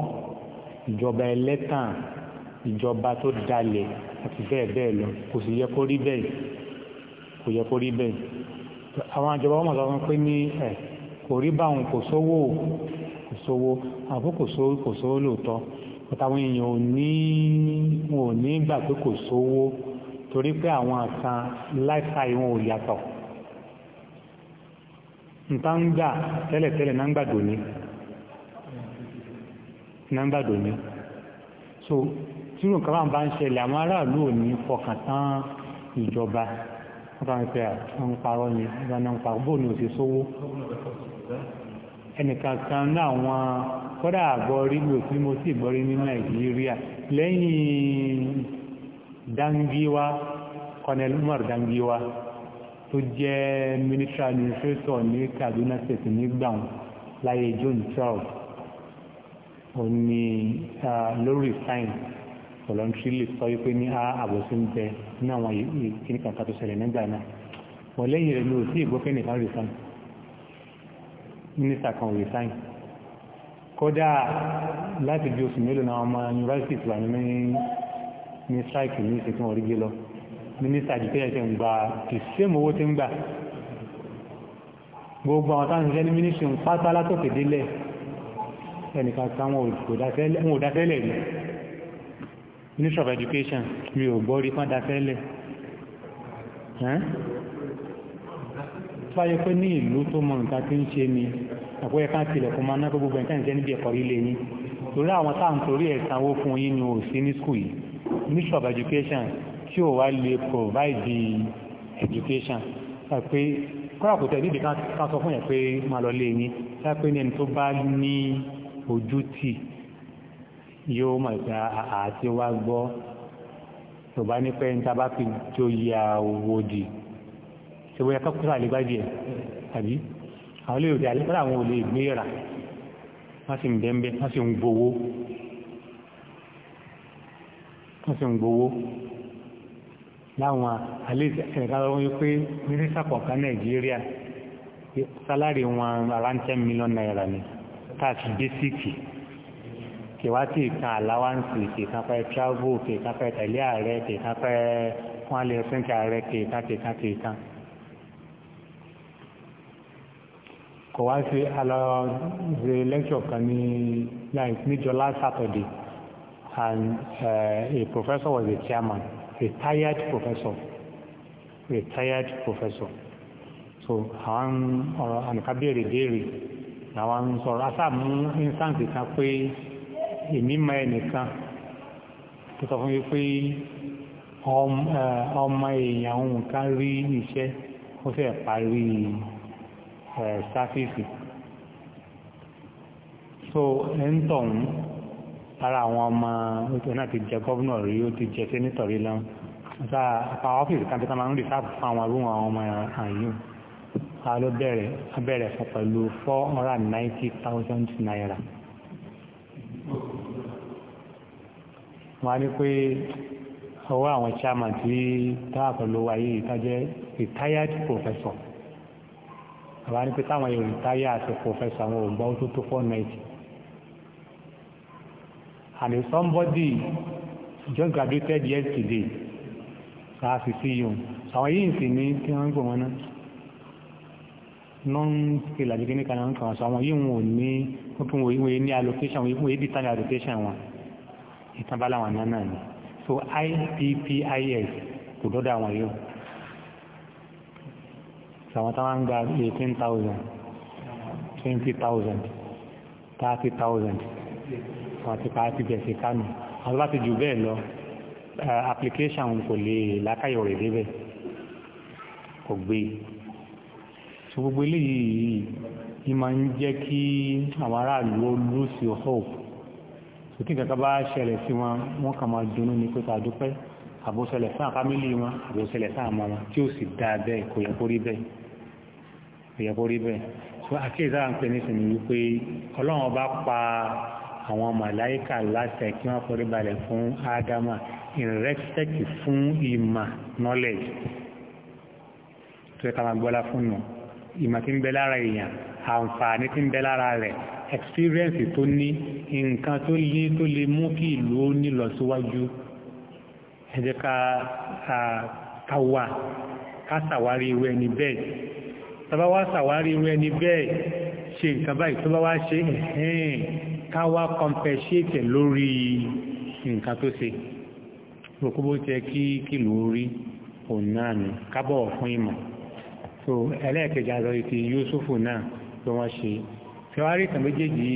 ìjọba ẹlẹ́tàn ìjọba tó dalẹ̀ àti bẹ́ẹ̀ bẹ́ẹ̀ lọ kò sì yẹ kó rí bẹ́ẹ̀ kò yẹ kó rí bẹ́ẹ̀ àwọn ìjọba wọn sọ pé ní ẹ̀ kò rí báwọn kò sówó kò sówó àbúkò sówó lóòótọ́ pàtàwọn èèyàn ò ní wọn ò ní gbà pé kò sówó torí pé àwọn kan lifestyle wọn ò yàtọ̀ nǹkan ń gbà tẹ́lẹ̀tẹ́lẹ̀ náà ń gbàdò ní náà ń gbàdò ní so tí nǹkan bá ń bá ń ṣẹlẹ̀ àwọn aráàlú ò ní fọkàn tán ìjọba wọ́n bá ń pẹ́ àwọn parọ́ ni wọ́n bá ń parọ́ bóun ni ò ti sówó ẹnìkankan náà wọn kọ́dà àgbọ̀rí mi ò sí mo sì gbọ́rí ní nàìjíríà lẹ́yìn dangiwa colonel umar dangiwa tó jẹ́ minister administrator ní kaduna state nígbà láyé june twelve òní lórí science voluntarily sọ wípé ní àbòsí ń bẹ ní àwọn ìkíní kankan tó ṣẹlẹ̀ nígbà náà wọ́n lẹ́yìn rẹ̀ ní òsì ìgbókè nìkan rìsọ́nù mínísítà kan ò lè sáyìn kódà láti bí oṣù mélòó náà ọmọ yunifásitì tí wà ní ní strike ní ìṣètò orí gé lọ mínísítà jù tẹ́lẹ̀ tẹ́ ń gba the same owó tí ń gbà gbogbo àwọn táwọn ìṣẹ́ ní mínísítì ń pátá látòkè délẹ̀ ẹnìkan táwọn ò dáfẹ́lẹ̀ rí ministry of education mi ò gbọ́ rí fún dáfẹ́lẹ̀ tó bá yẹ pé ní ìlú tó mọ nǹkan tí ń ṣe ni ẹ̀kọ́ ẹ̀ká tilẹ̀ fún ma náà gbogbo ẹ̀ká ìṣẹ́ níbi ẹ̀kọ́ ilé yín torí àwọn táà ń torí ẹ̀sánwó fún yín ni ò sí ní skul yìí ministry of education tí ò wá lè provide the education pé kọ́ra kò tẹ̀lé ìdíkan ká sọ fún yẹn pé má lọ lé yín ṣáà pé ní ẹni tó bá ní ojú tì yóò mọ̀ pé àti wá gbọ́ tó bá ní pé ní ta bá fi jó ya owó di ṣe wọ́n yẹ ká kúrò àlégbájì ẹ̀ tàbí àwọn ilé òde àlẹ́ àwọn olè gbéra wọ́n sì ń bẹ́ńbẹ́ wọ́n sì ń gbowó wọ́n sì ń gbowó láwọn alẹ́ ìsẹ̀ká wọ́n yí pé mínísà kọ̀ọ̀kan nàìjíríà sálárì wọn around ten million naira ni tax bẹ́síkì kìwá tí ìkan àláwáǹsì kìkan pẹ́ travel kìkan pẹ́ tẹ̀lé ààrẹ kìkan pẹ́ wọ́n lè fúnkẹ́ ààrẹ kìkan kìkan kìkan. kò wá ṣe alọ́ọ̀ṣe lecture kan ní níjọ last Saturday and uh, a professor was the chairman retired professor retired professor so àwọn ọ̀rọ̀ ànìkábẹ̀rẹ̀ béèrè làwọn sọ̀rọ̀ asáàmú instance kan pé èmi mọ ẹnìkan tó sọ fún mi pé uh, ọmọ èèyàn òun kan rí iṣẹ́ ó fẹ́ parí sáfíìsì so ẹ̀ńtọ̀hún ara àwọn ọmọ ètò náà ti jẹ gọ́vnà rí ó ti jẹ sẹ́nítọ̀ rí lọ́n nígbà àwọn ọ́fíìsì kan tẹ́tà máa ń rí sáàpù fún àwọn arúgbó àwọn ọmọ àyùn a ló bẹ̀rẹ̀ abẹ́rẹ̀ fún pẹ̀lú four hundred and ninety thousand naira wọ́n á ní pé owó àwọn chairman tí táwọn pẹ̀lú wáyé ìtajẹ́ retired professor àwa ní pé táwọn èrò ìtayé àti pòfẹ́sọ̀ àwọn ògbà ó tó tó four ninety and if somebody just graduated yesterday so as you see you so àwọn yìí ń sì ní kí wọ́n ń gbò wọ́n náà non-skill àti kíníkà náà ń kàn sọ àwọn yìí wọn ò ní wọ́n wọ́n ní allocation wọ́n yìí dìtàn allocation wọn ìtàn bá láwọn náà náà ni so IPPIS kò dọ́dọ̀ àwọn yìí sàwọn táwọn ń gba 18,000 20,000 30,000 àwọn ti pa ti bẹ̀ẹ̀sì kánù àwọn bá ti jù bẹ́ẹ̀ lọ application kò lè lákàyọ̀ rẹ̀ débẹ̀ kò gbé so gbogbo eléyìí ní máa ń jẹ́ kí àwọn aráàlú ó lose your hope so kí nǹkan bá ṣẹlẹ̀ sí wọn wọ́n kàn máa dunnú ní pé tàdúpẹ́ àbòṣẹlẹ̀ fún àkámílì wọn àbòṣẹlẹ̀ fún yẹ kó rí bẹ́ẹ̀ so àkíyèsí à ń pè nísìnyí wípé ọlọ́run ọba pa àwọn màláìkà láṣẹ kí wọ́n forí balẹ̀ fún ádámà in respect fún ìmà knowledge tó yẹ ká máa gbọ́lá fún nù ìmà tí ń bẹ lára èèyàn àǹfààní tí ń bẹ lára rẹ̀ experience tó ní nǹkan tó lé tó lè mú kí ìlú ó ní lọ síwájú ẹ ká wà ká ṣàwárí irú ẹni bẹ́ẹ̀ tàbá wá sàwárí irú ẹni bẹ́ẹ̀ ṣe nǹkan báyìí tó wá ṣe ẹ̀hìn káwá compensate lórí nǹkan tó ṣe rògbòbó tẹ kí kìlú orí òun náà ni kábọ̀ fún ìmọ̀ so ẹlẹ́ẹ̀kẹjà lọ ti Yusufu náà tó wọ́n ṣe tẹwárí ìtàn méjèèjì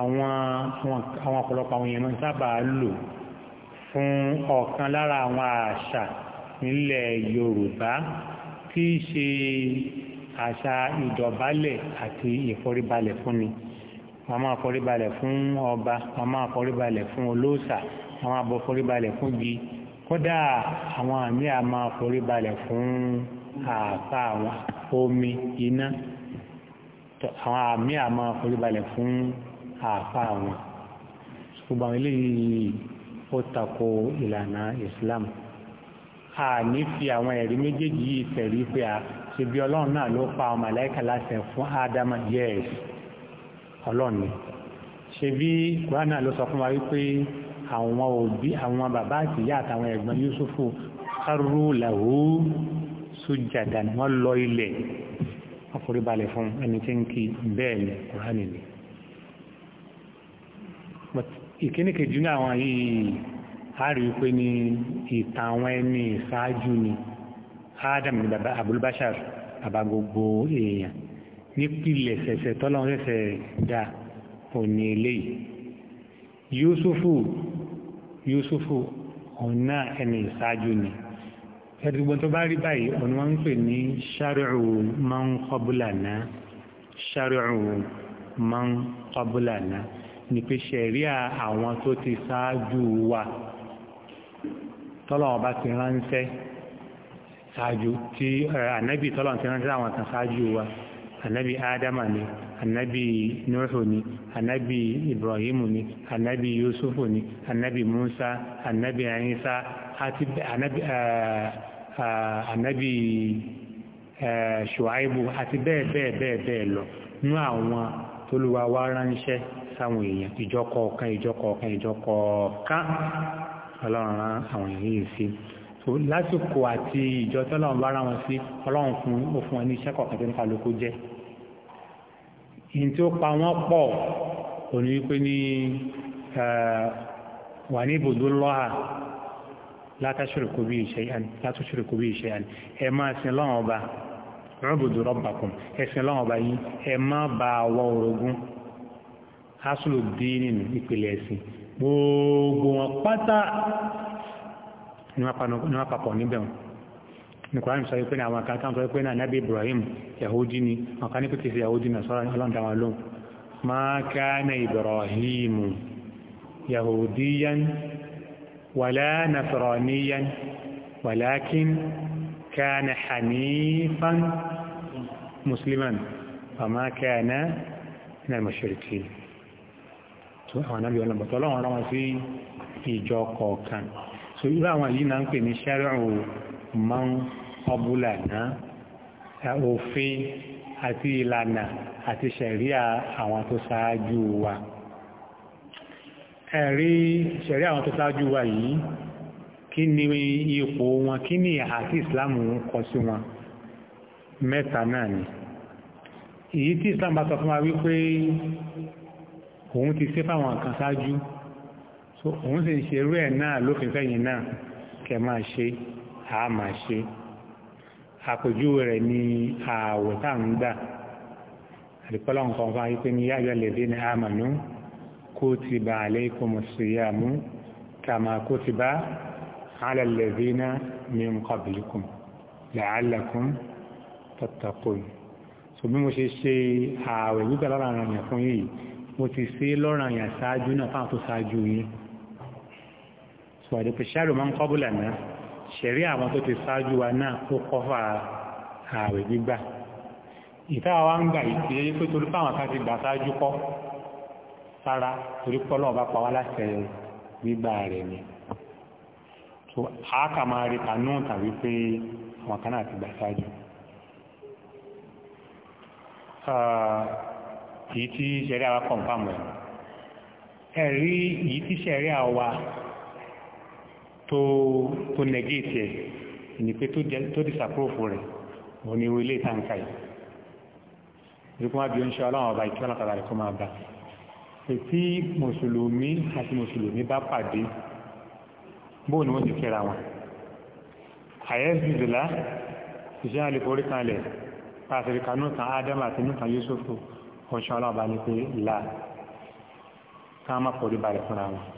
àwọn ọ̀pọ̀lọpọ̀ àwọn èèyàn sábà lò fún ọ̀kan lára àwọn àṣà nílẹ̀ Yorùbá tí í ṣe àṣà ìdọ̀bálẹ̀ àti ìforíbalẹ̀ fúnni wọ́n máa foríbalẹ̀ fún ọba wọ́n máa foríbalẹ̀ fún olóòṣà wọ́n máa bọ́ foríbalẹ̀ fún gi kódà àwọn àmì à máa foríbalẹ̀ fún àpá àwọn omi iná àwọn àmì à máa foríbalẹ̀ fún àpá àwọn ṣùgbọ́n eléyìí ó tako ìlànà Islam a ní fi àwọn ẹ̀rí méjèèjì yìí tẹ̀rí pé a ṣe bí ọlọ́run náà ló pa ọmọ màláíkà láṣẹ fún ádámà yes ọlọ́run ni ṣe bí kúránà ló sọ fún wa wípé àwọn òbí àwọn bàbá àti ìyá àtàwọn ẹ̀gbọ́n Yusufu kárú làwú sójàdà ni wọ́n lọ ilẹ̀ wọ́n forí balẹ̀ fún ẹni tí ń kí bẹ́ẹ̀ ni kúránì ni ìkíní kejì ní àwọn yìí a rí wípé ní ìtàn àwọn ẹni ìṣáájú ni. Adam ni bàbá Abulbashar bàbá gbogbo èèyàn nípìlẹ̀ ṣẹ̀ṣẹ̀ tọ́lọ́run ṣẹ̀ṣẹ̀ dá òní eléyìí Yusufu Yusufu ọ̀nà ẹni ìṣáájú ni ẹ̀dùgbọ́n tó bá rí báyìí ọ̀nà wọn ń pè ní ṣáríù man qablana ṣáríù man wa tọ́lọ́run bá ti ránṣẹ́ ṣáájú tí ànábì tọ́lọ̀ ti rántí àwọn kan ṣáájú wa ànábì ádámà ni ànábì nuhu ni ànábì ibrahimu ni ànábì yusufu ni ànábì musa ànábì isa àti ànábì ṣùáìbù àti bẹ́ẹ̀ bẹ́ẹ̀ bẹ́ẹ̀ bẹ́ẹ̀ lọ nú àwọn tólúwa wá ránṣẹ́ sáwọn èèyàn ìjọ kọ̀ọ̀kan ìjọ ọlọ́run rán àwọn èèyàn yìí sí so lásìkò àti ìjọ tí ọlọ́run bá ra wọn sí ọlọ́run fún òfin wọn ní iṣẹ́ kọ̀ọ̀kan tó ní kálukú jẹ́ ìyìn tí ó pa wọ́n pọ̀ kò ní wípé ní wà ní ibùdó lọ́hà látàṣírìkú bí iṣẹ́ yàn ẹ máa sin lọ́wọ́n ọba rọ́bùdó rọ́bàkùn ẹ̀sìn lọ́wọ́n ọba yìí ẹ má ba àwọ̀ orogún asùlù bí nínú ìpìlẹ̀ ẹ̀sìn gbogbo wọn pátá ni wọ́n papọ̀ níbẹ̀ wọn ní kòrán sọ pé àwọn kan tán sọ pé náà nábì Ibrahim Yahudi ni wọn kan ní pẹ̀tẹ̀ sí Yahudi náà sọ́rọ̀ ọlọ́ndà wọn lóhun ma kana Ibrahim Yahudiyan wàlá Nasraniyan wàlákin كان حنيفا مسلما وما كان من المشركين سبحان الله لما طلعوا على في في جو كوكان so irú àwọn yìí náà ń pè ní ṣẹ́rẹ̀ù mọ́n ọbúlànà òfin àti ìlànà àti ṣẹ̀ríà àwọn tó ṣáájú wa ẹ̀rí ṣẹ̀ríà àwọn tó ṣáájú wa yìí kí ni ipò wọn kí ni àti ìsìláàmù ń kọ sí wọn mẹ́ta náà ni èyí tí ìsìláàmù bá sọ fún wa wípé òun ti ṣe fáwọn kan ṣáájú so òun sì ṣe irú ẹ̀ náà lófin fẹ́yìn náà kẹ máa ṣe a máa ṣe àpèjúwe rẹ̀ ní ààwẹ̀ tá ń gbà àdìpọ́lọ́ nǹkan fún ayípe ní yáyọ lèdè ní àmànú kutiba alaykumus siyamu kama kutiba ala alladhina min qablikum la'allakum tattaqun so bí mo ṣe ṣe ààwẹ̀ gbígbà lọ́rọ̀ àyàn fún yìí mo ti ṣe lọ́rọ̀ àyàn ṣáájú náà fáwọn tó ṣáájú yìí wàdùkú ṣáàrù máa ń kọ́bùlà náà ṣẹ̀rí àwọn tó ti ṣáájú wa náà ó kọ́fà ààwẹ̀ gbígbà ìtawà wa ń gbà ìtìlẹ́yìn pé torí fáwọn kan ti gbà ṣáájú kọ́ sára torí pọ́ náà bá pa wá láṣẹ gbígbà rẹ̀ ni so a kà máa rí kanú tàbí pé àwọn kan náà ti gbà ṣáájú èyí tí ṣẹ̀rí àwa kọ̀ǹfàmù ẹ̀ ẹ̀rí èyí tí ṣẹ̀rí àwa tó tó negate ẹ̀ ní pé tó disapprove rẹ̀ wọ́n ni orílẹ̀ ìtànkà yìí ìrìkún àbí oúnṣẹ́ ọlọ́run ọba ìkí ọlọ́kàlà rẹ̀ kó máa bá tí mùsùlùmí àti mùsùlùmí bá pàdé bóò ni wọ́n ti fẹ́ra wọn àyẹ́sìdìlá ìṣẹ́ àlèkò orí kan lẹ̀ pàtàkì kan adam àti nùkan yusufu oúnṣẹ́ ọlọ́run ọba ní pé là ká má forí balẹ̀ fúnra wọn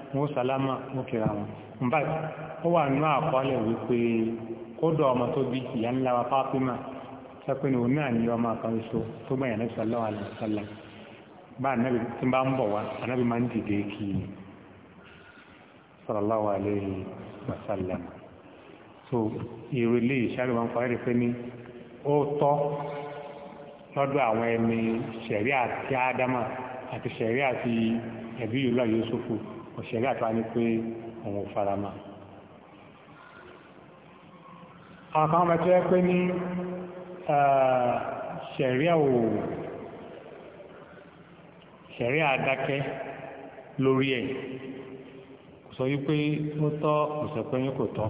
wọn sálámà wọn kìra wọn but ó wà nínú àkọọ́lẹ̀ wípé kódà ọmọ tó bí ìyá ńlá wa Fátímà sẹ́pẹ́ ni òun náà ní ọmọ àkànṣe tó gbẹ̀yìn ní sallallahu alaihi wasallam bá ànábì tí bá ń so èrò ilé ìṣàlù wọn kọ́rẹ́ pé ní ó tọ́ lọ́dọ̀ àwọn ẹni ṣẹ̀rí àti ádámà àti ṣẹ̀rí àti ẹ̀bí yìí òṣèré àtọ́ ní pé òun farama àwọn kan mọ̀ tó yẹ pé ní ṣẹ̀ríà ò ṣẹ̀ríà dákẹ́ lórí ẹ̀ kò sọ wípé ó tọ́ kò sọ kò tọ́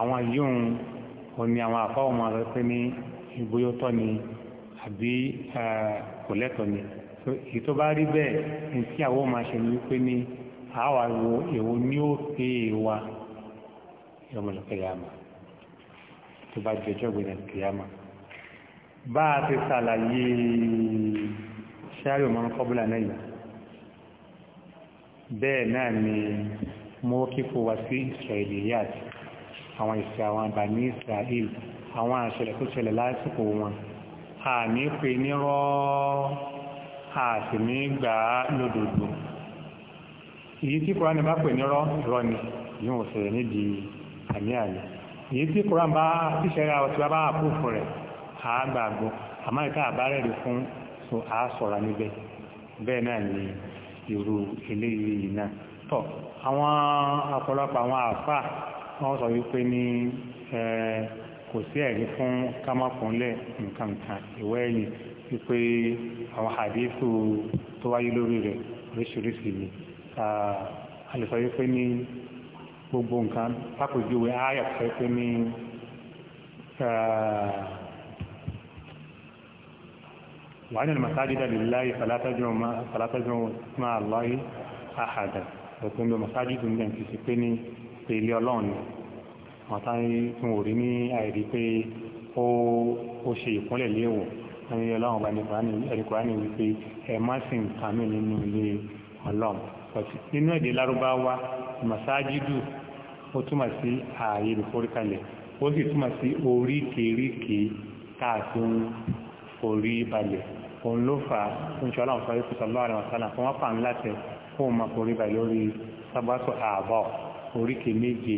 àwọn yóò ò ní àwọn àfáwọn ọmọ rẹ pé ní ìbóyótọ́ ni àbí kò lẹ́tọ̀ọ́ ni èyí tó bá rí bẹ́ẹ̀ ní tí àwọn máa ṣe ní pé ní àwa wo èwo ní ó pé wa yọmọlọkẹyàmà tó bá jẹjọ́ gbẹ̀dẹ̀kẹyàmà bá a ti sàlàyé ṣáàrí ọmọ kọbùlà náà yìí bẹ́ẹ̀ náà ni mọ́ kíkò wá sí israeliyat àwọn ìsẹ̀ àwọn àbàní israel àwọn àṣẹlẹ̀ tó ṣẹlẹ̀ lásìkò wọn àmì pé ní rọ́ọ́ a sì ní gbà á lódodo èyí tí koran bá pè ní rọ ni yóò wọ́n sọ̀rọ̀ nídìí àmì àmì èyí tí koran bá tíṣẹ́ra ọtí bá bá àpòfò rẹ̀ á gbàgbọ́ àbárẹ̀ rẹ̀ fún so a sọ̀rọ̀ níbẹ̀ bẹ́ẹ̀ náà ni irú eléyìí náà tọ̀ àwọn ọ̀pọ̀lọpọ̀ àwọn àfà wọ́n sọ wípé ní kò sí ẹ̀rí fún kámọ́kùnlẹ̀ nǹkan nǹkan ìwé ẹ̀yìn wípé àwọn àdéhù tó wáyé lórí rẹ̀ oríṣiríṣi ni a lè sọ wípé ní gbogbo nǹkan lápòjúwe ayà sọ wípé ní وأن المساجد لله فلا تدعوا مع فلا تدعوا مع الله أحدا وكن المساجد من في سكني في اليولون wọ́n táyé fún òrí ní àìrí pé ó ṣe ìpínlẹ̀ léwọ̀n torí ọlọ́run bá ní ẹ̀ríkùránì wípé ẹ má sì ń kà mí nínú ilé ọlọ́run nínú èdè lárúbáwá masájídù ó túmọ̀ sí ààyè ìforíkalẹ̀ ó sì túmọ̀ sí oríkèéríkèé káàkiri orí balẹ̀ òun ló fà á fún ìṣọ́ ọlọ́run sọ wípé sọlọ́ àrẹ wàsálà fún wọn pàmì láti fún òun máa forí balẹ̀ lórí sábàtò ààbọ̀ oríkèé méje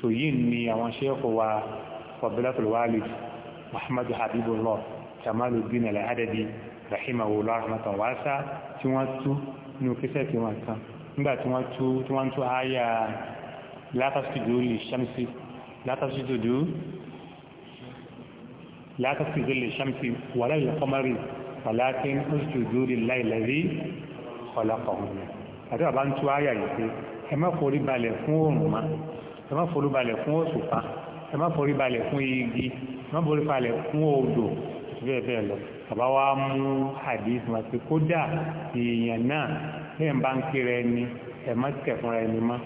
sòyí ni àwọn ṣẹ́ẹ̀kù wa fọ̀bílẹ́tò wálid muhammadu habibullah Jamaluddin al-Adabi rahimahullah rahmatan wasa tí wọ́n tú ní òkèsẹ̀ tí wọ́n kan nígbà tí wọ́n tú tí wọ́n tú àyà látàsídò lè ṣámsì látàsídò látàsídò lè ṣámsì wàlá ìyọkọmọrì wàlákin òṣìṣòdò lè láìlẹ́rí ọ̀làkọ̀ọ̀hún àti bàbá ń tú àyà yìí pé ẹ má forí balẹ̀ fún òrùn ma ẹ forí balẹ̀ fún òṣùpá ẹ forí balẹ̀ fún igi ẹ forí balẹ̀ fún odò bẹ́ẹ̀ bẹ́ẹ̀ lọ bàbá wa mú hadith wọn pé kódà èèyàn náà bẹ́ẹ̀ bá ń kéré ẹni ẹ̀ má tẹ̀ fúnra ẹni mọ́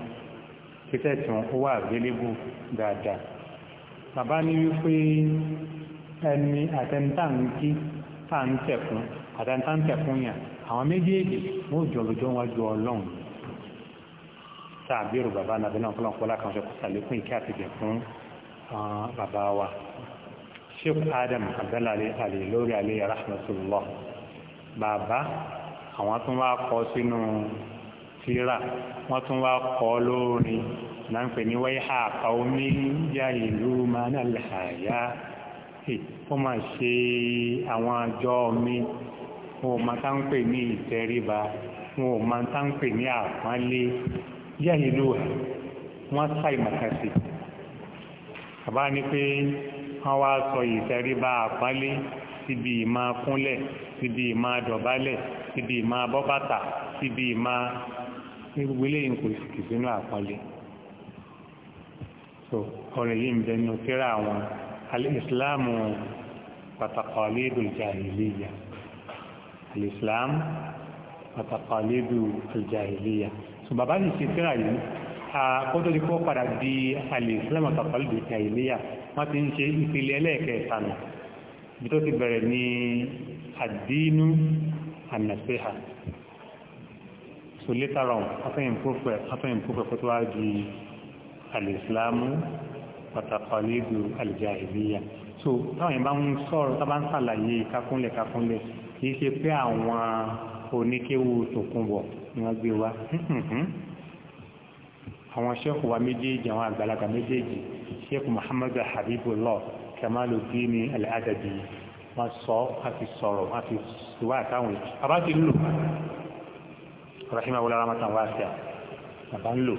pété tí wọn kó wà àgbélébù dáadáa bàbá ní wípé ẹni àtẹnitáǹkì táǹtẹ̀kùn àtẹnitáǹtẹ̀kùn yàn àwọn méjèèjì wọn ò jọ lójọ́ wájú ọlọ́run sáà bírò bàbá nàbẹ́nà ọ̀pọ̀lọpọ̀ lákànṣe kó sàlékún ìkẹ́ àtìgẹ̀ fún ah, bàbá wa sheikh adam abdullahi ali lórí aliyu rahmatullah bàbá àwọn tún wá kọ sínú tírà wọ́n tún wá kọ lórin náà ń pè ní wáyà àkàwọ́mí yá ìlú manalhaya ó máa ṣe àwọn àjọ mi wọn ò máa tá ń pè ní ìtẹríba wọn ò máa tá ń pè ní àpọ́nlé yá ìlú wọ́n sáì bàbá ní pé wọ́n wá sọ ìtẹríba àpọ́nlé síbi ìmá kúnlẹ̀ síbi ìmá dọ̀bálẹ̀ síbi ìmá bọ́bàtà síbi ìmá gbélé nǹkó kì sínú àpọ́nlé so ọ̀rọ̀ yìí ń bẹ nínú tírà àwọn alìsíláàmù pàtàkàlédò jàhìlíyà alìsíláàmù pàtàkàlédò jàhìlíyà so bàbá yìí ṣe tírà yìí kó tó kó padà di alìsíláàmù pàtàkàlédò jàhìlíyà wọ́n ti ń ṣe ìpele ẹlẹ́ẹ̀kẹta nù bí tó ti bẹ̀rẹ̀ ní àdínú ànàṣẹ́hà so later on after improve after improve kó tó wá di alìsìlámù pàtàkàlẹ́dù alìjáìlìyà so táwọn yẹn bá ń sọ̀rọ̀ tá bá ń sàlàyé kákúnlẹ̀ kákúnlẹ̀ kìí ṣe pé àwọn oníkéwu tòkunbọ̀ ni wọ́n gbé wá àwọn sheikh wa méjèèjì àwọn àgbàlagbà méjèèjì sheikh muhammad habibullah kamaludini al-adabi wọ́n sọ wọ́n fi sọ̀rọ̀ wọ́n fi wá àtàwọn bàbá ti lò rahimahullah rahmatan wasi'a bàbá ń lò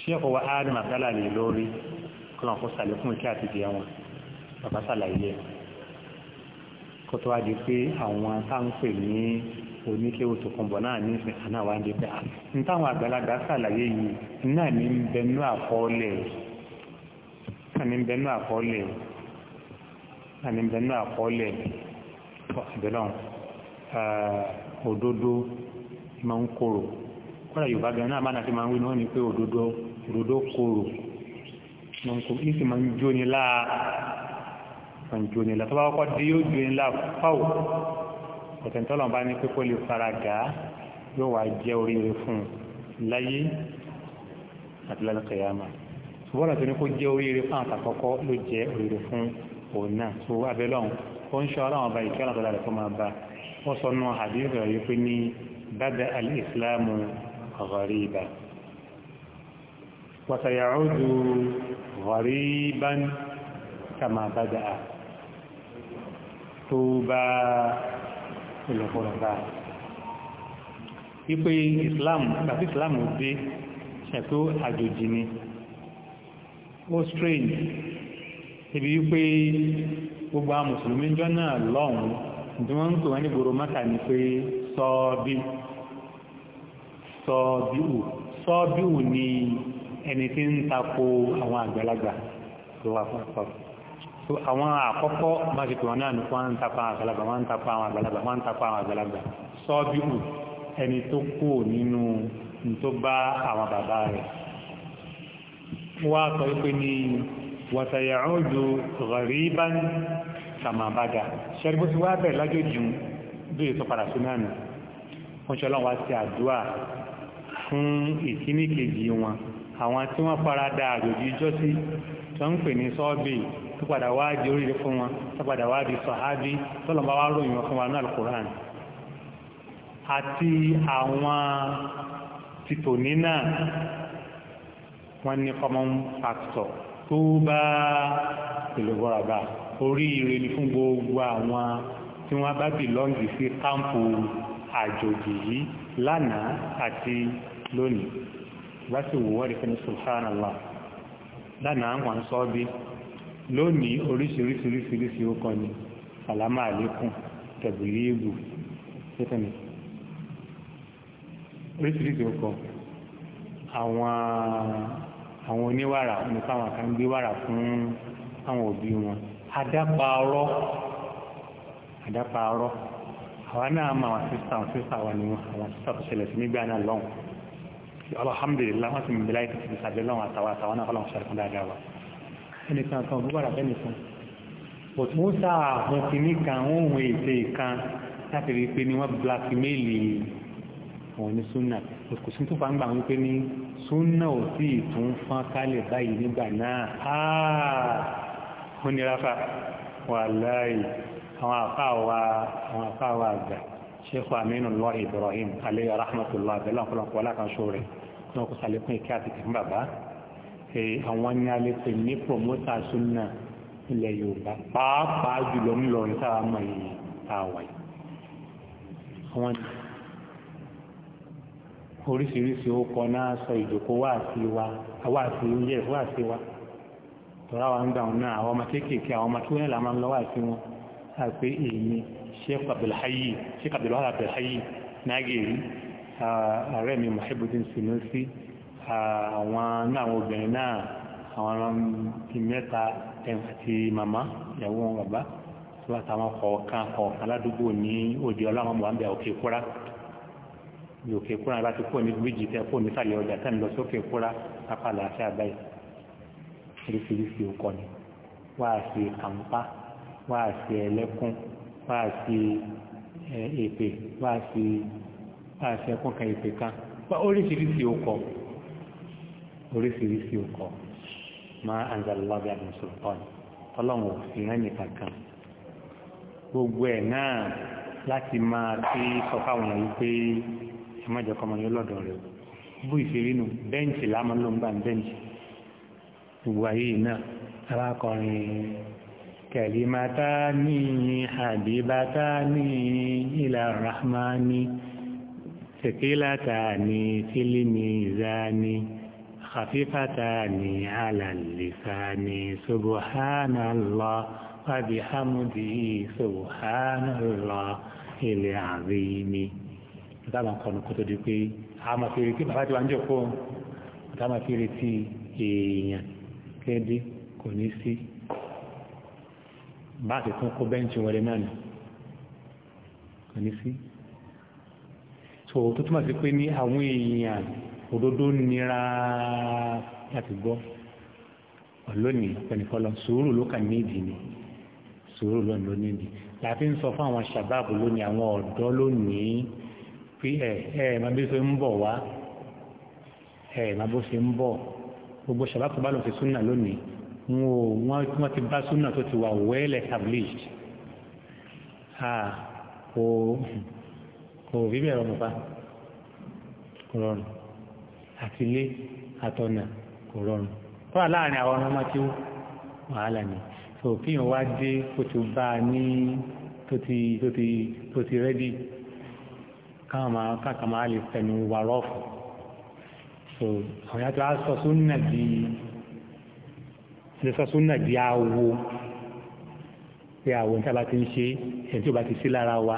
sheikh wa adam abdallah lè lórí kọlọ̀kọ́ sàlẹ̀kùn ìkẹ́ àti ìdí ẹ̀wọ̀n bàbá kó tó wá di pé àwọn táǹpè ní oníkéwò tó kàn bọ̀ náà ní ìsìnkà náà wá di pé n táwọn àgbàlagbà ṣàlàyé yìí náà ní ń bẹnú àkọọ́lẹ̀ náà ní ń bẹnú àkọọ́lẹ̀ náà ní ń bẹnú àkọọ́lẹ̀ ọ̀sìbẹ̀lọ́n òdodo máa ń korò kọ́lá yorùbá gan náà máa nàfi máa ń wí ní ni pé òdodo òdodo korò ní sì máa ń jóni láà òǹjò nílẹ̀ tó bá kọ́kọ́ di yóò ju ńlá fáwọ̀ ọ̀tẹ̀ntọ́lọ̀ bá ní pípọ́ lè fara gà á yóò wá jẹ́ oríire fún un láyé àti lálẹ́ kẹyàmà ṣùgbọ́n àti ní kó jẹ́ oríire fún àtàkọ́kọ́ ló jẹ́ oríire fún òun náà tó abẹ́lọ́hún ó ń ṣe ọlọ́run ọba ìkẹ́ ọ̀nà tó dára máa bá wọ́n sọ nù àdéhùn kama bada'a tó bá ìlọ̀pọ̀lọ̀pá wípé islam tàbí islam ò dé ṣẹ̀tó àjòjì ni ó strange ibi wípé gbogbo àwọn mùsùlùmí jọ náà lọ́hùn tí wọ́n ń pè wọ́n ní gbòòrò mọ́ta ni pé sọ́ọ́bí sọ́ọ́bíù sọ́ọ́bíù ni ẹni tí ń tako àwọn àgbàlagbà lọ́wọ́ fún ọ̀pọ̀ so àwọn àkọ́kọ́ bá ti pèwọ́n náà ní wọ́n ń tapá àwọn àgbàlagbà wọ́n ń tapá àwọn àgbàlagbà wọ́n ń tapá àwọn àgbàlagbà sọ́bíù ẹni tó kú nínú tó bá àwọn bàbá rẹ̀ wọ́n sọ wípé ní wàtàyàrúdù ghariban kàmàbàdà ṣẹ́rìbó ti wá bẹ̀rẹ̀ lájòjì bí èso padà sí náà wọ́n ṣe ọlọ́run sí àdúrà fún ìkíní kejì wọn àwọn tí wọ́n fara da àjòjì ìjọ́sí tó ń pè ní sọ́ọ̀bì tó padà wá di oríire fún wọn tó padà wá di sọ̀hábí tọ́lọ̀ bá wá ròyìn wọn fún wa ní alukur'an àti àwọn tìtò nínà wọ́n ní common factor tó bá ìlúgbọ́ràbà oríire ni fún gbogbo àwọn tí wọ́n bá bìlọ́ǹgì sí kámpù àjòjì yìí lánàá àti lónìí bá sì wọ́n rí fún subhanallah lánàá wọn sọ bí lónìí oríṣiríṣiríṣiríṣi ó kàn ní àlámà àlékún tẹ̀bùlíìbù tẹ́tẹ̀mì oríṣiríṣi ó kọ àwọn àwọn oníwàrà nípa àwọn kan gbé wàrà fún àwọn òbí wọn adápaarọ́ adápaarọ́ àwa náà mọ àwọn sísá àwọn sísá wa ni wọn àwọn sísá tó ṣẹlẹ̀ sí nígbà náà lọ́hùn alhamdulilayi wọn sì ń bẹ̀rẹ̀ láì tẹ̀sí ìsàbẹ̀ lọ́hùn àtàwọn àtàwọn náà fọlọ́hùn ṣẹlẹ̀ fún dáadáa wa ẹnìkan kan òun bàrà bẹ́ẹ̀ nìkan but wọ́n sáà àwọn kìíní kan wọ́n òun èdè kan láti rí pé ni wọ́n blackmail òun ní súnà kò sí tó fàǹgbà wọn pé ní súnà ò sí ìtún fán kálẹ̀ báyìí nígbà náà áà ah! ó nira fa wàláì àwọn àfà wa àwọn àfà wa àgbà sheikh Aminullah Ibrahim alayhi rahmatullah abẹ́lẹ́ ọ̀pọ̀lọpọ̀ alákan rẹ̀ náà kò sàlékún ìkẹ́ àti kìí bàbá àwọn ní alẹ́ pè ní promoter sunna ilẹ̀ yorùbá pàápàá jùlọ ń lọrin sára mọ̀ èyí àwà àwọn oríṣiríṣi ó náà sọ ìjòkó wà sí wa wà sí oúnjẹ wà sí wa tọ́ra wa ń gbà wọn náà àwọn ọmọ kéékèèké àwọn ọmọ tí wọ́n là máa ń wọn àpé èmi sheikh abdulhayi sheikh abdulhayi abdulhayi àwọn ní àwọn obìnrin náà àwọn ti mẹ́ta àti màmá ìyàwó wọn bàbá tí wọ́n ta wọn kọ̀ọ̀kan kọ̀ọ̀kan ládùúgbò ní òde ọlọ́run mọ̀ọ́bẹ̀ òkè kúrá ní òkè kúrá láti kó ní bíríjì tẹ kó nísàlẹ̀ ọjà tẹ́ ń lọ sókè kúrá lápá làásì àbáyé oríṣiríṣi òkọ ni wàá sí kàǹpá wàá sí ẹlẹ́kún wàá sí èpè wàá sí ẹkún kan èpè kan oríṣiríṣi òkọ oríṣiríṣi ọkọ̀ máa anzalallahu bihi min sultan ọlọ́run ò fi rán nìkan kan gbogbo ẹ̀ náà láti máa tí sọ fáwọn èèyàn wípé ẹ má jẹ́ kọ́mọ yín lọ́dọ̀ rẹ̀ bú ìṣeré nù láàmú ló ń gbà bẹ́ǹchì gbogbo ayé náà alákọrin kẹ̀límátá ní àbíbátá ní ila rahmani ṣèkílátà ní tìlímì ìzáni. خفيفتان على اللسان سبحان الله وبحمده سبحان الله العظيم táwọn kan kó tó di pé a máa fi retí bàbá tí wàá ń jòkó tá a máa fi retí èèyàn kéde kò ní sí bá a ti tún kó bẹ́ǹtì wọlé náà nù kò ní sí. tó tó túmọ̀ sí pé ní àwọn èèyàn òdodo nira láti gbọ́ ọlọ́nìí pẹ̀lúkọ́lọ́ sùúrù ló kà nídìí ni sùúrù lónìí ló nídìí láti ń sọ fún àwọn sàbáàbù lónìí àwọn ọ̀dọ́ lónìí pé ẹ ẹ má bí ṣe ń bọ̀ wá ẹ má bó ṣe ń bọ̀ gbogbo sàbáàbù bá lọ sí súnà lónìí wọn ò wọn ti bá súnà tó ti wà well established ah kò kò rí bẹ́ẹ̀ rọrùn pa rọrùn àtìlé àtọ̀nà kò rọrùn kọ́ra láàrin àwọn ọmọ tí ó wàhálà ni so kíyàn wá dé kó tó bá a ní tó ti tó ti tó ti rẹ́dí káàkà máa lè fẹnu wà rọ́ọ̀fù so àwọn yàtọ̀ á sọ súnà di sọ súnà di awo pé àwọn tí a bá ti ń ṣe ẹni tí ó bá ti sí lára wa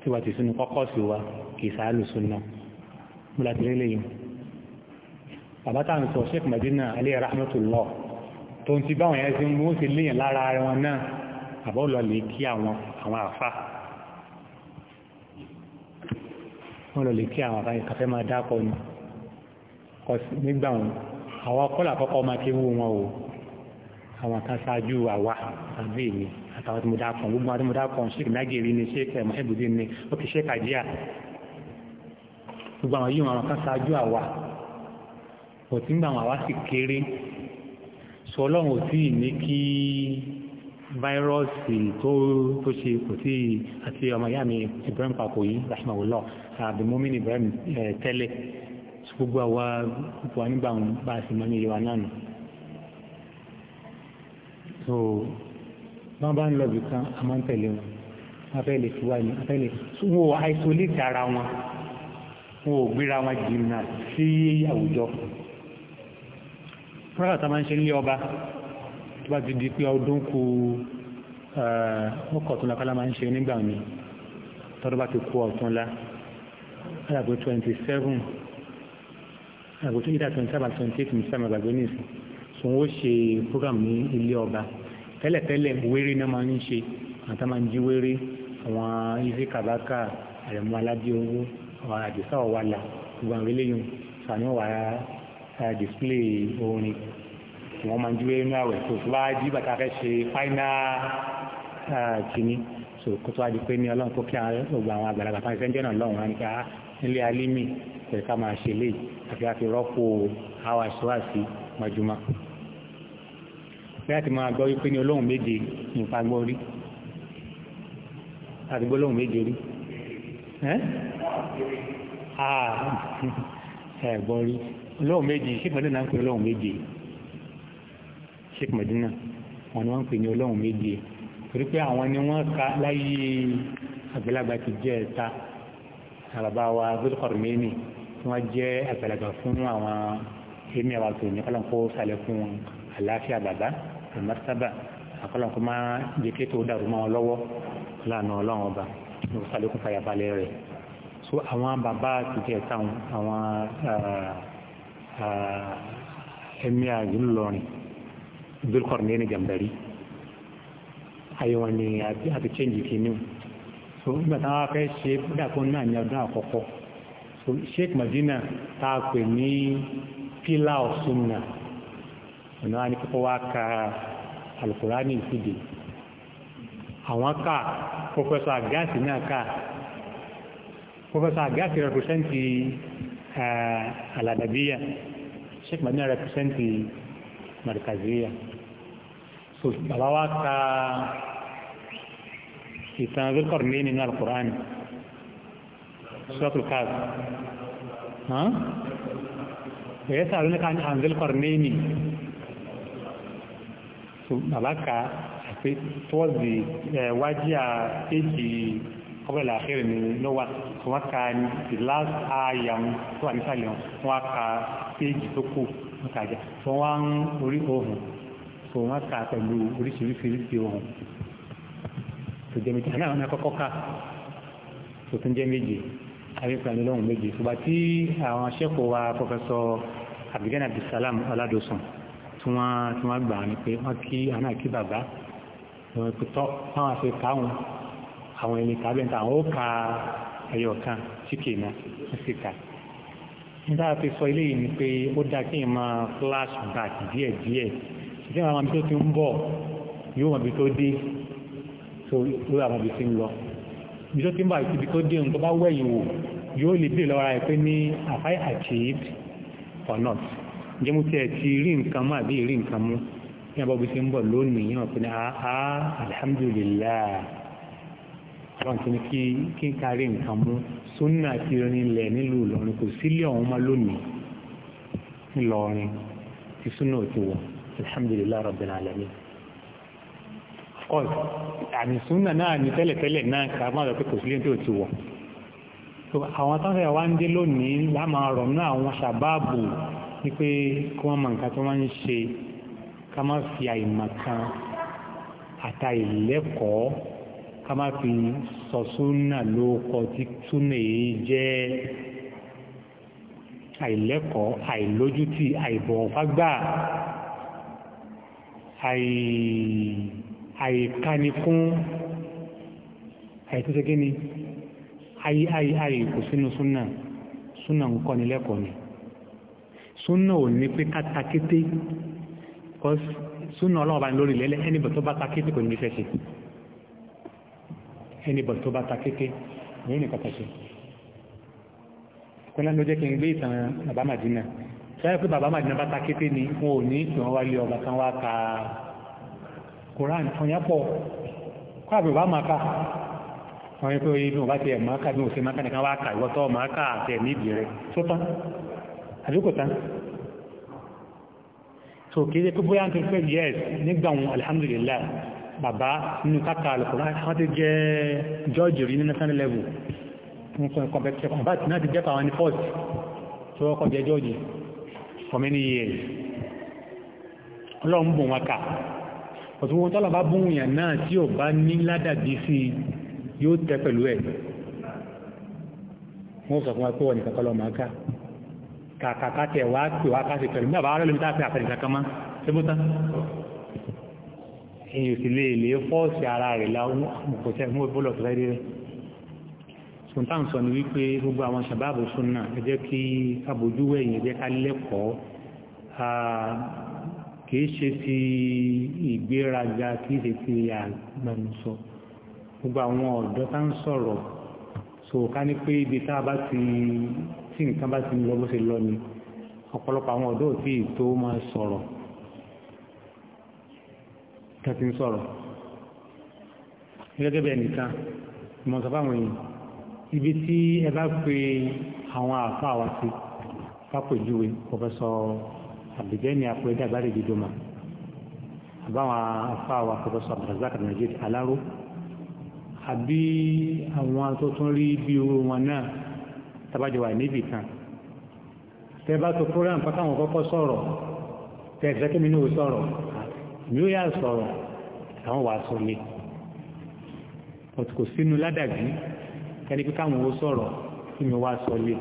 tí ó bá ti sínú kọ́kọ́ sí wa kì í sáà lù súnà mo láti rí lẹ́yìn bàbá tá à ń sọ sheikh madina alẹ́ rahmatullah tó ń ti báwọn yẹn ti mú sí léèyàn lára wọn náà bàbá ò lọ lè kí àwọn àwọn àfa wọ́n lọ lè kí àwọn àfa yìí kàfẹ́ máa dákọ̀ ni nígbà wọn àwọn kọ́là kọ́kọ́ máa ké wú wọn o àwọn kan ṣáájú àwa àbí èmi àtàwọn tí mo dákọ̀ gbogbo àwọn tí àwọn kan ṣáájú àwa kò tí ń gbà wọn àwa sì kéré sọ ọlọ́run ò tí ì ní kí fáírọ́ọ̀sì tó tó ṣe kò tí àti ọmọ ìyá mi Ibrahim papò yìí rahimahullah abdulmumin Ibrahim tẹ́lẹ̀ gbogbo àwa gbogbo wa nígbà wọn bá a sì mọ ní ìyẹwà náà nù. so wọn bá ń lọ bì kan a máa ń tẹ̀lé wọn wọn fẹ́ lè fi wá ní wọn fẹ́ lè wọn ò isolate ara wọn wọn gbéra wọn jìnnà sí àwùjọ fúnra tàbí ṣe nílé ọba tó bá ti di pé ọdún kú ọkọ̀ eh, ọ̀túnlá kálá máa ń ṣe nígbà mi tọ́dọ́ bá ti kú ọ̀túnlá àgbò 27 àgbò tó 27 28 ní sáàmì àgbàgbé ní ìsìn so wọ́n ṣe program ní ilé ọba tẹ́lẹ̀tẹ́lẹ̀ wéré náà máa ń ṣe àtà máa ń jí wéré àwọn ife kàbákà àrẹ̀mú aládé owó àwọn àdìsá ọ̀wàlà gbogbo àwọn eléyìí sàníwàá display orin tí wọ́n máa ń dúró inú àwẹ̀ tó bá jí bàtà fẹ́ ṣe final kìíní so kó tó wá di pé ní ọlọ́run kó kí gbogbo àwọn àgbàlagbà fún ẹsẹ̀ ń jẹ́nà lọ́run wọn nípa ah, nílé alímì pẹ̀lú ká máa ṣe lè àfi àfi rọ́pò àwọn àṣọwàsí mọ́júmọ́ láti máa gbọ́ wípé ní olóhùn méje nípa gbọ́ rí àti gbólóhùn méje rí ẹ́ ah. ẹ̀gbọ́n ọlọ́run méje sheikh madina ń pè ọlọ́run méje sheikh madina wọn ni wọ́n ń pè ní ọlọ́run méje torí pé àwọn ni wọ́n ka láyé àgbàlagbà ti jẹ́ ẹ̀ta àbàbà wa gbẹ́dọ̀kọ̀rọ̀ mẹ́ni tí wọ́n jẹ́ àgbàlagbà fún àwọn èmi àwọn àtòyìn kọ́lọ́nkó sálẹ̀ fún àlàáfíà bàbá ìmọ̀sábà àkọ́lọ́nkó máa jẹ́ kí tó dàrú mọ́ wọn lọ́wọ́ ọlọ́run ọba ní sálẹ̀ fún fàyàbalẹ̀ rẹ̀ so àwọn bàbá ti jẹ́ ẹ̀ta àwọn ah, emir Ìlọrin Zulkarnaini Gambari ayé wọn ni àti change kìíní so nígbà táwọn afẹ́ ṣe dàpọ̀ náà ní ọdún àkọ́kọ́ so Sheikh Madina tá a pè ní pillar of sunnah ọ̀nà wa ni kókó wa ka alukurani ìsìdè àwọn ká Professor Agassi náà ká Professor Agassi represent uh, aladabia Sheikh Madina represent markazia so bàbá wa ka ìtàn Dhul-Qarnayn nínú alukur'an suratul Kahf ẹ̀yẹ́ sàrò ní káàkiri àwọn dhul so bàbá towards the eh, wájí à kọ́bẹ̀lá àkẹ́rì ni ló wà tí wọ́n ka the last ayam tó wà nísàlẹ̀ wọn ka péjì tó kù nítàjà tí wọ́n ń orí ohun tí wọ́n ka pẹ̀lú oríṣiríṣi ohun tó jẹ́ méjì àná àwọn akọ́kọ́ ká tó tún jẹ́ méjì àríkàní lọ́hùn méjì ṣùgbà tí àwọn akẹ́kọ̀ọ́ wa pọfẹsọ Abdulgan Abdulsalam Aládòsùn tí wọ́n gbà ní pé wọ́n kí àná kí bàbá wọn pẹ̀tọ́ wọn àṣẹ káwọn àwọn ilé tàbí ẹ̀ta àwọn ó ka ẹyọ kan tí kì í mọ́ nígbà tí sọ ilé yìí ni pé ó dá kí n máa flash back díẹ̀ díẹ̀ ṣùgbọ́n àwọn àmì tó ti ń bọ̀ yóò mọ̀ bí tó dé tó lórí àwọn ibi tí ń lọ ibi tó ti ń bọ̀ àti ibi tó dé nǹkan bá wẹ̀yìn wò yóò lè bèèrè lọ́wọ́ ara ẹ̀ pé ní have I achieved or not ǹjẹ́ mo tiẹ̀ ti rí nǹkan mú àbí rí nǹkan mú ní àbọ̀bí tí ń bọ̀ lónìí yóò pè ní àá ah, ah, alhamdulillah wọn ti ní kí kí n kárí nǹkan mú súnà ti rinlẹ̀ nílùú Ìlọrin kò sílé ọ̀hún mọ́ lónìí ńlọrin tí súnà ò ti wọ̀ alhamdulillah rabbil alamin ọ̀rọ̀ àmì súnà náà ni tẹ́lẹ̀tẹ́lẹ̀ náà ká má lọ pé kò sílé tí ò ti wọ̀ àwọn tó ń fẹ́ wá ń dé lónìí láàmà ọ̀rọ̀ náà àwọn ṣàbáàbù ní pé kí wọ́n mọ nǹkan tí wọ́n ń ṣe ká má fi àìmọ̀ kan àtàìlẹ́kọ̀ọ́ ká má fi sọ súnà ló kọ tí súnà yìí jẹ́ àìlẹ́kọ̀ọ́ àìlójútì àìbọ̀ọ̀fágbà àìkánikún àìtúnṣe kí ni ayi ayi ayi kò sínú súnà súnà ń kọ́ni lẹ́kọ̀ọ́ ni súnà ò ní pé káta kété súnà ọlọ́ọ̀bá ní lórí lẹ́lẹ́ ẹni bọ̀ tó bá ta kété kò ní fẹ́ ṣe anybody tó bá ta kéèké òun nìkan tẹ̀sẹ̀ kọ́lá ló jẹ́ kí n gbé ìtàn bàbá màdínà sáyẹ́ pé bàbá màdínà bá ta kéèké ni wọn ò ní ìwọ̀n wá lé ọba kan wá ka koran ọ̀yá pọ̀ kọ́ àbẹ̀wò bá máa ka wọ́n yẹ pé ibi wọn bá ti yes nígbà wọn alhamdulillah bàbá nínú káka alùkùnrin wọ́n ti jẹ́ george rí ní national level fún kọ̀m̀pẹ́tì bàbá ti náà ti jẹ́ pàwọn ní fort tó wọ́kọ̀ jẹ́ george for many years ọlọ́run bùn wọn kà ọ̀tún wọn tọ́lọ̀ bá bùn yàn náà tí ò bá ní ládàbí sí yóò tẹ́ pẹ̀lú ẹ̀ wọ́n sọ fún wa pé wọ́n nìkan kàkàkà tẹ̀ wá pè pẹ̀lú ní àbáwá lọ́lọ́mí tá a àfẹ́ nìkan èyàn sì lè lè fọ́ọ̀sì ara rẹ̀ láwọn àmùkọ̀tẹ́ mú ìbólọ̀ tó fẹ́ rẹ̀ sùntàn sọ ni wípé gbogbo àwọn sàbáàbò súnà ẹ jẹ́ kí abojú ẹ̀yìn ẹ jẹ́ ọ̀dọ́ tá ń sọ̀rọ̀ so ká ní pé ibi tá a bá ti tí nǹkan bá ti lọ bó ṣe lọ ni ọ̀pọ̀lọpọ̀ àwọn ọ̀dọ́ tí tó máa sọ̀rọ̀ tẹ́tí ń sọ̀rọ̀ gẹ́gẹ́ bẹ́ẹ̀ nìkan ìmọ̀ sọ fáwọn èèyàn ibi tí ẹ bá pe àwọn àfa àwa sí fápèjúwe pọfẹsọ àbìjẹ́ni àpòẹ́dẹ́ àgbáde ìdìdòmà àbáwọn àfa àwa pọfẹsọ abdulrasaq najid aláró àbí àwọn tó tún rí bí owó wọn náà tàbájọ wà níbì kan tẹ bá tó program pátáwọn kọ́kọ́ sọ̀rọ̀ tẹ ẹ̀fẹ́ kí mi ní o sọ̀rọ̀ yóò yà sọ̀rọ̀ àwọn wà sọlé ọ̀tùkò sínú ládàbí ẹni pé káwọn owó sọ̀rọ̀ tí mi wá sọlé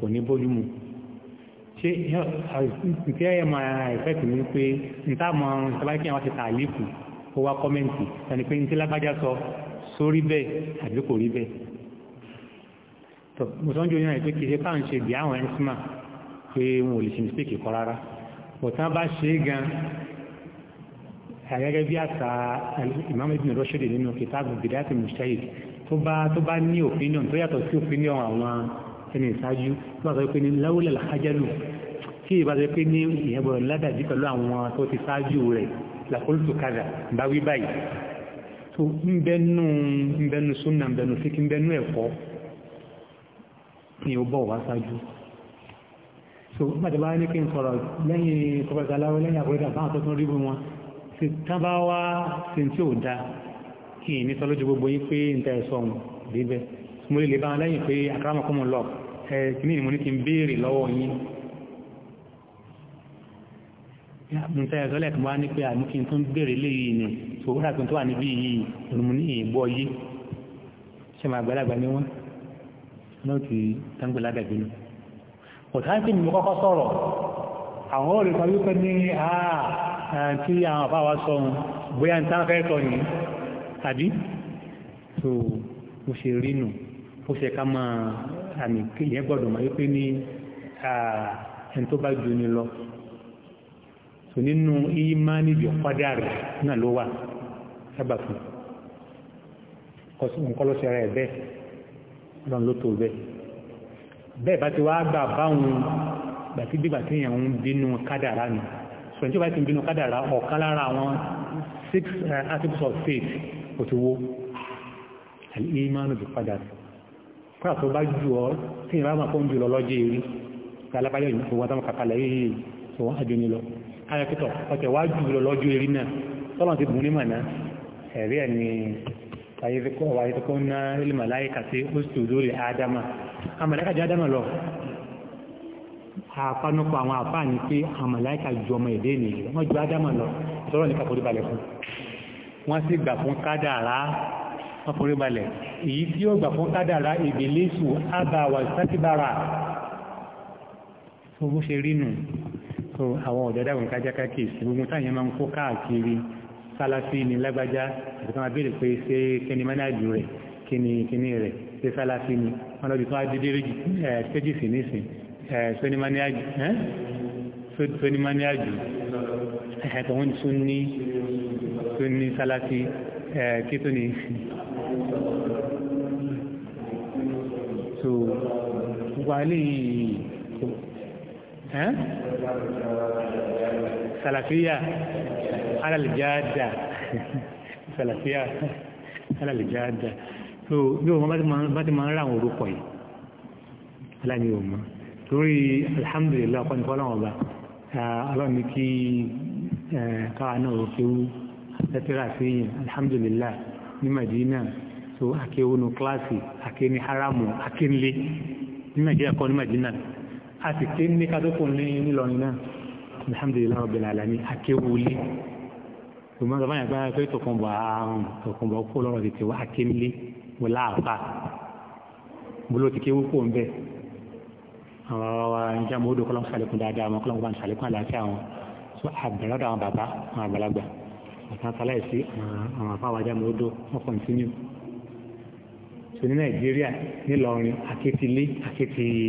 kò ní bójúmu ṣe ìtẹ́ ẹ̀ máa ìfẹ́kì ní pé níta mọ ìtàbákí àwọn ti ta àlékù ó wá kọ́mẹ́ǹtì ẹni pé ní tí lágbájá sọ sórí bẹ́ẹ̀ àbí kò rí bẹ́ẹ̀ mo sọ́njú yóò náà pé kì í ṣe páà ń ṣe bí àwọn ẹni pé wọn ò lè ṣe mistake kọ rárá ọ̀tán bá ṣe é gan àgẹ́gẹ́ bí àṣà Imam Ibn Rushd nínú kitabu Bidayatul Mujtahid tó bá tó bá ní opinion tó yàtọ̀ sí opinion àwọn ẹni ìṣáájú tó bá sọ pé ní lawla al-hajalu tí ìbá sọ pé ní ìyẹn gbọ́dọ̀ ládàjí pẹ̀lú àwọn tó ti ṣáájú rẹ̀ laqultu bá wí báyìí tó ń bẹ́nu súnà ń bẹ́nu fíkí ẹ̀kọ́ ni ó bọ̀ wá ṣáájú so nígbàtí bá ní kí n sọ̀rọ̀ lẹ́yìn kọfẹ́ta aláwọ̀ lẹ́yìn àkọ́rẹ́ta bá àtọ́tún ríbù wọn sí tán bá wá sí tí ò dá kí ní sọ lójú gbogbo yí pé n tẹ́ sọ ríbẹ̀ mo lè bá lẹ́yìn pé àkàràmọ́kọ́mọ́ lọ ẹ kì ní mo ní kí n béèrè lọ́wọ́ yín nǹkan ẹ̀sọ́ lẹ́ẹ̀kan wá ní pé àmú kí n tún kò sáńtì mi kọ́kọ́ sọ̀rọ̀ àwọn òrìkọ wípé ní àà ah, tí àwọn àbá wa sọ bóyá ní táwọn sọ yìí àbí tó mo ṣe rí nù ó ṣe ká máa àmì ìyẹn gbọ́dọ̀ máa wípé ní ẹni tó bá ju ni lọ tò nínú iye máa níbi ọ̀pádà rẹ̀ náà ló wà sábà fún un nǹkan bẹ́ẹ̀ lọ́n ló tó bẹ́ẹ̀ bẹ́ẹ̀ bá ti wá gbà báwọn gbàtígbìgbà tí èèyàn ń bínú kádàrá ni ṣùgbọ́n tí ó bá ti ń bínú kádàrá ọ̀kan lára àwọn six eh, articles of faith kò ti wó alìmánu bí padà kọ́ra tó bá jù ọ́ tí ìrìn àmà fún jùlọ lọ́jọ́ èrí alábáyọ̀ ìwọ̀n wọn tán kàkàlẹ̀ yìí tó wọ́n àjò nílọ ni wàyí kọ́ ná ilé màláìkà sí oṣù lórí ádámà àmàláìkà jẹ́ ádámà lọ àpanupọ̀ àwọn àfáàní pé àmàláìkà ju ọmọ èdè nìyí wọ́n ju ádámà lọ ìtọ́rọ̀ ní kàforí balẹ̀ fún wọ́n sì gbà fún kádàrá wọ́n forí balẹ̀ èyí tí ó gbà fún kádàrá ìbílẹ̀ṣù àbàwà sátìbára tó bó ṣe rí nù so àwọn ọ̀dọ́dàgbọ̀n kájákákì ìsìn gbogbo táyẹn máa ń kó káàkiri sálàfí ni lágbájá àti kan abéèrè pé ṣé kíni mẹ́nájú rẹ̀ kíni kíni rẹ̀ ṣé sálàfí ni wọn lọ́dún tó adédé ṣéjìsì nísìn ṣóní mẹ́nájú ṣóní mẹ́nájú ẹ̀tọ̀hún tún ní tún ní sálàfí kí tó ní so wà lè yìí salafiya alalijada salafiya alalijada so bí o mọ́ bá ti máa ń rà àwọn orúkọ yìí aláàmì o mọ́ torí alhamdulillah ọkọ̀ nìkan ọlọ́wọ́ bá ọlọ́ni kí káwa náà ó kéwú lẹ́tírà sí yìn alhamdulillah ní Madina so akéwú nu kíláàsì aké ní haramu aké nílé ní Nàìjíríà kọ́ ní Madina a sì ké ní kátókùn ní Ìlọrin alhamdulilayi rabbil alamin akéwulé tòmọ́ sọ fáyà pé pé tòkùnbọ̀ àrùn tòkùnbọ̀ kó lọ́rọ̀ tètè wá akéwulé wò láàfà bolo ti kéwú kó ń bẹ̀ àwọn wa ń jẹ́ àwọn odò kọ́lọ́mù sàlékún dáadáa wọn kọ́lọ́mù bá ń sàlékún àlàáfíà wọn tó àbẹ̀rọ̀dọ̀ àwọn bàbá àwọn àgbàlagbà àti àtàláìsí àwọn afáwájà àwọn odò wọn kọ̀ntínú so ní Nàìjíríà nílọrin akétílé akétílé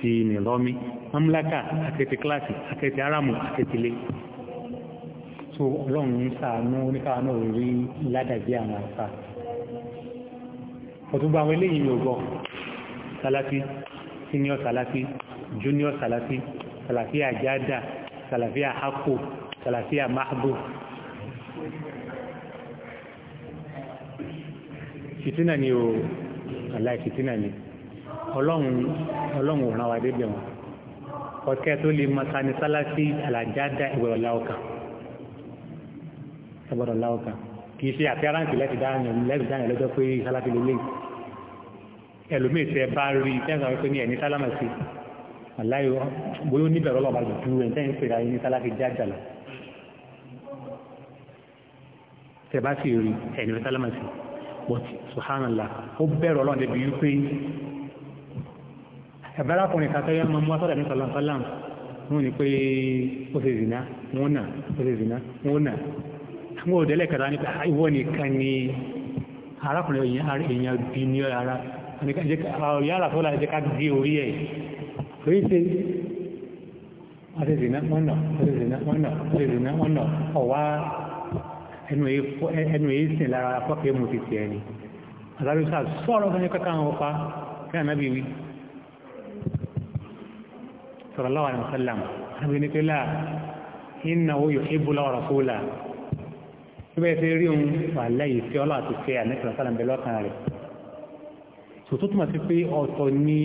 ti nìlọ́mí mamlaka àkẹtì kíláàsì àkẹtì aramu àkẹtì ilé tó ọlọ́run ń sàánú oníkàwọn náà rí ládàjẹ́ àwọn àfà ọ̀túnbà àwọn eléyìí yóò gbọ́ salafi senior salafi junior salafi salafi àjádà salafi àhákò salafi àmáhàbò fitina ni o aláì fitina ni o ọlọ́run ò rán wa débẹ̀ wọn ọ̀kẹ́ tó lè mọ tani sálásí àlàjáda ìwọ̀rọ̀ láọ̀kà ìwọ̀rọ̀ láọ̀kà kì í ṣe àfẹ́ráǹtì lẹ́ti dáhùn lọ́jọ́ pé sálásí lè léyìí ẹlòmíì tẹ bá rí tẹ́sán wípé ní ẹni sálámà sí aláyọ̀ bóyá oníbẹ̀rẹ̀ ọlọ́ba dùdú ẹ̀ tẹ́yìn pèrè ayé ní sálámà jájà subhanallah ó bẹ̀rẹ̀ ọlọ́run débi ẹ̀bára ọkùnrin kàtẹ́yà máa mú asọ́dà ní sọ̀làǹsọ́làm wọ́n ní pé ó ṣe zìnà wọ́n nà ó ṣe zìnà wọ́n nà wọ́n ò délẹ̀ kẹta nípa ah, ìwọ nìkan ni arákùnrin èèyàn bí ní ara yàrá tó láti ká gé orí ẹ̀ kò í ṣe ó ṣe zìnà wọ́n nà ó ṣe zìnà wọ́n nà ó ṣe zìnà wọ́n nà ọ̀wá ẹnu èyí sìn lára fọ́kẹ́ mu ti tiẹ̀ ni àtàrí fún ẹni kọ́kọ́ àwọn ọ̀pá kí sallallahu alaihi wasallam àbí ní pé láà innahu yuhibbu Allaha wa rasulahu bẹ́ẹ̀ fẹ́ rí òun wà lẹ́yìn fẹ́ ọlọ́ àti fẹ́ àníkìlá sálàm bẹ́ẹ̀ lọ́kàn rẹ̀ tó tó túnmọ̀ sí pé ọ̀tọ̀ ni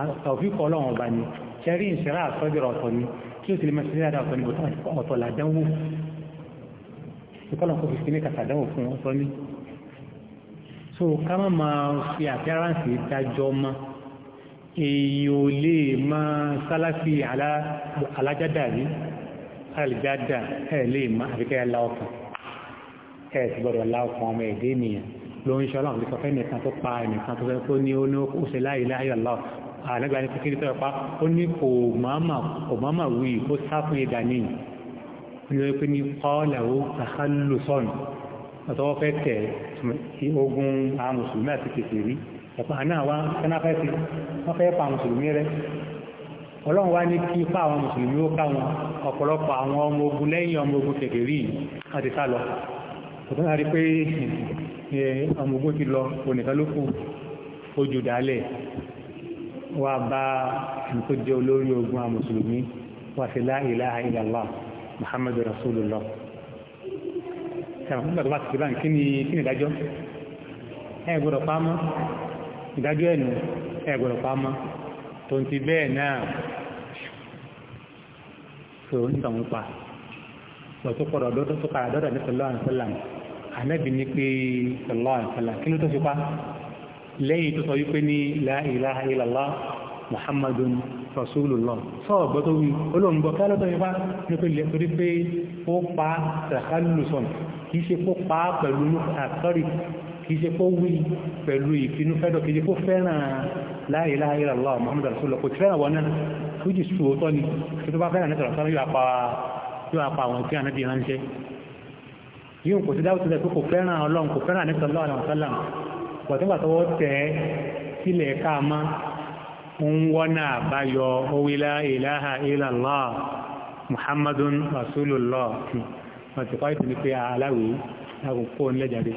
àtọ̀fíkọ̀ ọlọ́run ọba ni ṣẹ́rí ìṣẹ́rá àtọ́jọ́rọ̀ ọ̀tọ̀ ni kí o sì lè máa ṣe dáadáa ọ̀tọ̀ ni bọ̀tọ̀ ọ̀tọ̀ làdánwò ìkọlọ̀ kò fi sí ní kàtàdánwò fún ọ̀tọ̀ ni so ká má máa fi àpẹ́ránsì dájọ́ máa èèyàn ò lè máa sálásí alájádà rí alìjádà ẹ̀ lè máa àfikẹ́ aláọkàn ẹ̀ sì gbọ́dọ̀ aláọkàn ọmọ ẹ̀dẹ́ ènìyàn ló ń ṣọ́lá òun fẹ́ nìkan tó pa ẹnìkan tó fẹ́ kó ní ó ní ó ṣe láì láyọ̀ lọ àlẹ́gbà ní kékeré tó pa ó ní kò máma wí ó sá fún ẹ̀dà ní ìlú pé ní kọ́ọ̀lẹ̀wó sàkálù sọ́nù ọ̀tọ́wọ́ fẹ́ tẹ̀ ogun àwọn àti kèfèrí ẹ̀pà náà wá kẹ́náfẹ́ sí wọ́n fẹ́ pa mùsùlùmí rẹ ọlọ́run wá ní kí pa àwọn mùsùlùmí ó ká wọn ọ̀pọ̀lọpọ̀ àwọn ọmọ ogun lẹ́yìn ọmọ ogun kèfèrí wọ́n ti sá lọ ọ̀tún náà rí pé ọmọ ogun ti lọ onìkan ló ojú dálẹ̀ wá bá nǹkan olórí ogun àwọn mùsùlùmí wá sí la ilaha illallah muhammadu rasulullah ṣàmùkúgbà tó bá ti ti bá ń kí ni ìdájọ́ ẹ pa mọ́ ìdájọ́ ẹ̀nu ẹgbẹ̀rọ̀ pamọ́ tó ti bẹ́ẹ̀ náà tó ń tàn pa lọ́tọ́ pọ̀ dọ́dọ́ tó kára dọ́dọ̀ ní sallallahu alaihi wasallam ànábì ní pé sallallahu alaihi wasallam kí ló tó fi lẹ́yìn tó sọ wípé ní la ilaha illallah muhammadun rasulullah sọ́ọ̀ gbọ́ tó wí olóǹgbọ́ kí lọ́tọ́ fipá ní pé lè torí pé ó kìí ṣe pé wí pẹ̀lú ìfinúfẹ́dọ̀ kìí ṣe pé fẹ́ràn la ilaha illallah Muhammad rasulullah kò tí fẹ́ràn wọn náà tó jì sùn òótọ́ ni kí tó bá fẹ́ràn nẹ́tọ̀rọ̀ sọ́rọ̀ yóò apá àwọn tí ànábì ránṣẹ́ yíò kò sí dáwọ́ sílẹ̀ pé kò fẹ́ràn ọlọ́run kò fẹ́ràn nẹ́tọ̀rọ̀ àwọn sálàm pọ̀tẹ́gbà tọwọ́ tẹ̀ sílẹ̀ káàmá ń wọ́nà àbáyọ owó la Muhammadun rasulullah wọ́n ti kọ́ ìtìlú pé aláwìí lákòókò ńlẹ́jáde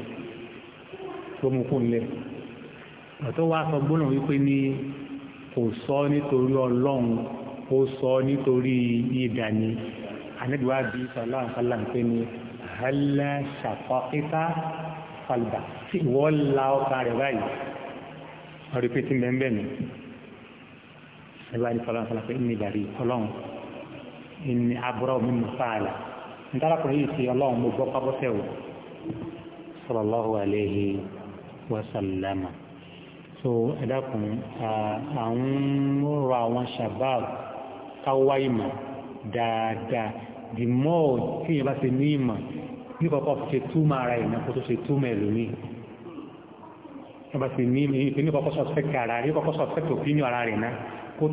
tó mú kún lẹ̀ ọ̀tọ́ wá sọ gbóná wípé ní kò sọ nítorí ọlọ́run ó sọ nítorí ìdà ni àníbíwá bí sọlá àǹfààlà ń pè ní àhálà ṣàfọ́kítà falùbà tí ìwọ́ la ọkà rẹ̀ báyìí ọ̀rẹ́ pé tí mẹ́ńbẹ́ mi ẹ̀bá ní sọlá àǹfààlà pé ní ìbàrí ọlọ́run ní abúrò mi mú fààlà ń yìí ti ọlọ́run mo gbọ́ pábọ́sẹ̀ o sallallahu alaihi wasallama so ẹ dákun àwọn rọ àwọn shabab káwá ìmọ̀ dáadáa the more tí yẹn bá ṣe ní ìmọ̀ ní kọ́kọ́ fi ṣe túmọ̀ ara ìmọ̀ kó tó ṣe túmọ̀ ẹlòmíì ẹ bá ṣe ní ìpín ní kọ́kọ́ suspect ara ní kọ́kọ́ suspect opinion ara rẹ̀ náà kó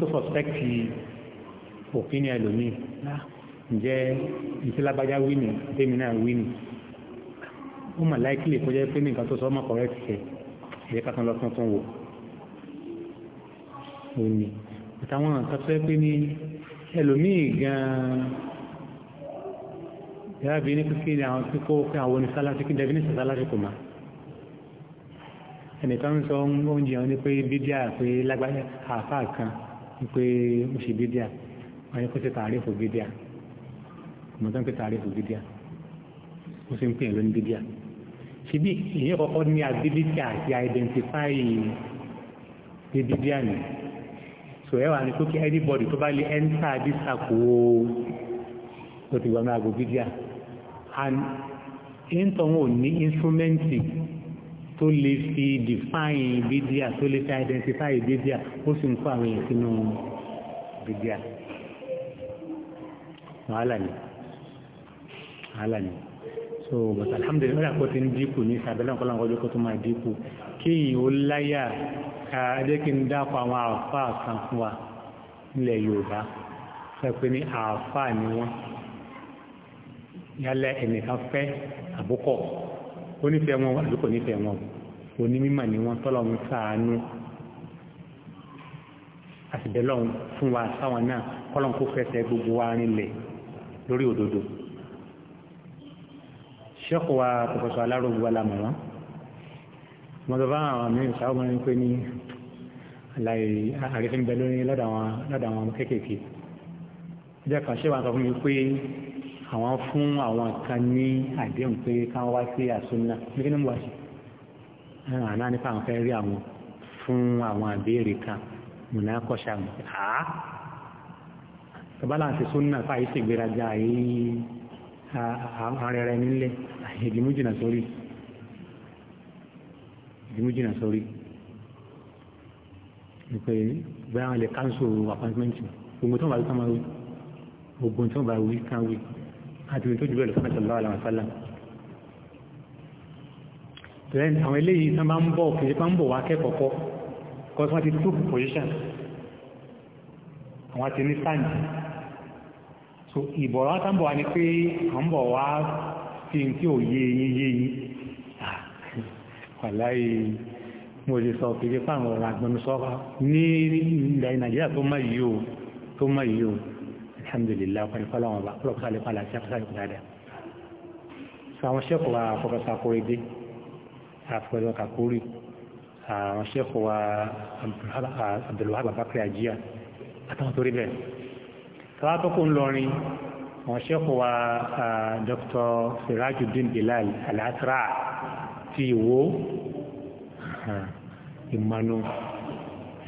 wí ni ó mà láìkìlì kó jẹ́ pé nìkan tó sọ ọmọ correct ṣe ìyẹ́ ká tán lọ tuntun wò ó ní àtàwọn nǹkan tó yẹ pé ní ẹlòmíì gan-an yàrá bí ní kíkí ni àwọn tí kó pé àwọn onísálásí kí dẹ́bí ní sàtálásí kò máa ẹnìkan sọ oúnjẹ wọn ni pé bídíà pé lágbáyà bídíà ó sì ń pè é lóní bídíà síbí èyí kọ́kọ́ ní ability àti the bibidiani so ẹ wà ní kókè anybody tó bá lè enter this circle o tó ti wà ní àgbo bidia and intan ò ní instrument tó lè fi define bidia tó lè fi identify bidia ó sì ń kó àwọn èèyàn sínú bidia wàhálà ni wàhálà ni so but alhamdulilayi nígbà kó ti ń dínkù ní ìsàbẹ̀lẹ̀ ọ̀pọ̀lọpọ̀ ọjọ́ kó tó máa dínkù kí ìhò láyà ẹ̀ẹ́dẹ́kí da dákọ̀ àwọn àáfàá kan fún wa nílẹ̀ yorùbá sọ pé ní àáfàá ni wọ́n yálẹ̀ ẹnìkan fẹ́ àbúkọ̀ onífẹ̀ẹ́ wọn àbí kò nífẹ̀ẹ́ wọn onímọ̀ ni wọ́n tọ́lọ̀ ń sàánú àtìbẹ́lọ́ fún wa sáwọn náà kọ́lọ́n kó fẹsẹ̀ gbogbo wa rinlẹ̀ lórí òdodo ṣẹ́kù wa pọ̀fẹ́sọ̀ alárògbò alamọ̀ wọn mo sọ fún àwọn míì sáwọn ọmọ yẹn pé ní àlàyé àrífín bẹ lórí lọ́dọ̀ àwọn kéékèèké ìjẹ́ kan ṣé wàá sọ fún mi pé àwọn fún àwọn kan ní àdéhùn pé káwọn wá sí àsúná ní kí ni mo wá sí àná nípa àwọn fẹ́ rí àwọn fún àwọn àbẹ́rẹ́ kan mùnà kọ́ṣà mọ̀ àá tọ́bálà àti súnà fàáyé sì gbéraga yìí àrẹ̀rẹ̀ nílẹ̀ ìdìmú jìnà sórí ìdìmú jìnà sórí ìpè bẹ́ẹ̀ àwọn lè káńsù àpọ́ńtímẹ́ǹtì gbogbo tó ń bá wí káwọn wí gbogbo tó ń bá wí káwọn wí àti ìwé tó jù bẹ́ẹ̀ lọ fún sallallahu alaihi wasallam then àwọn eléyìí tán bá ń bọ̀ kìí pa ń bọ̀ wá kẹ́kọ̀ọ́ kọ́ because wọ́n ti took position àwọn ti ní sáǹdì so ìbọ̀rọ̀ àtàbọ̀ wà ní pé à ń bọ̀ wá fi n tí ò yé yín yé yín wàláyé mo lè sọ pé pé àwọn ọ̀rọ̀ agbẹnusọ ní ilẹ̀ nàìjíríà tó má yìí o tó má yìí o alhamdulilayi ọ̀pọ̀ nípa lọ́wọ́ bá ọlọ́pàá lè pa àlàáfíà pàtàkì kò dáadáa so àwọn sẹ́kọ̀ọ́ wa fọkànsá kórèdé àfọwọ́sọ kàkórì àwọn sẹ́kọ̀ọ́ wa abdulwahab abakari ajiya àtàwọn torí bẹ́ẹ̀ tọ́wá tó kún lọ́rin wọ́n ṣẹ́kù wa Dr. Sirajuddin Bilal Al-Asra ti ìwó ìmọ̀nù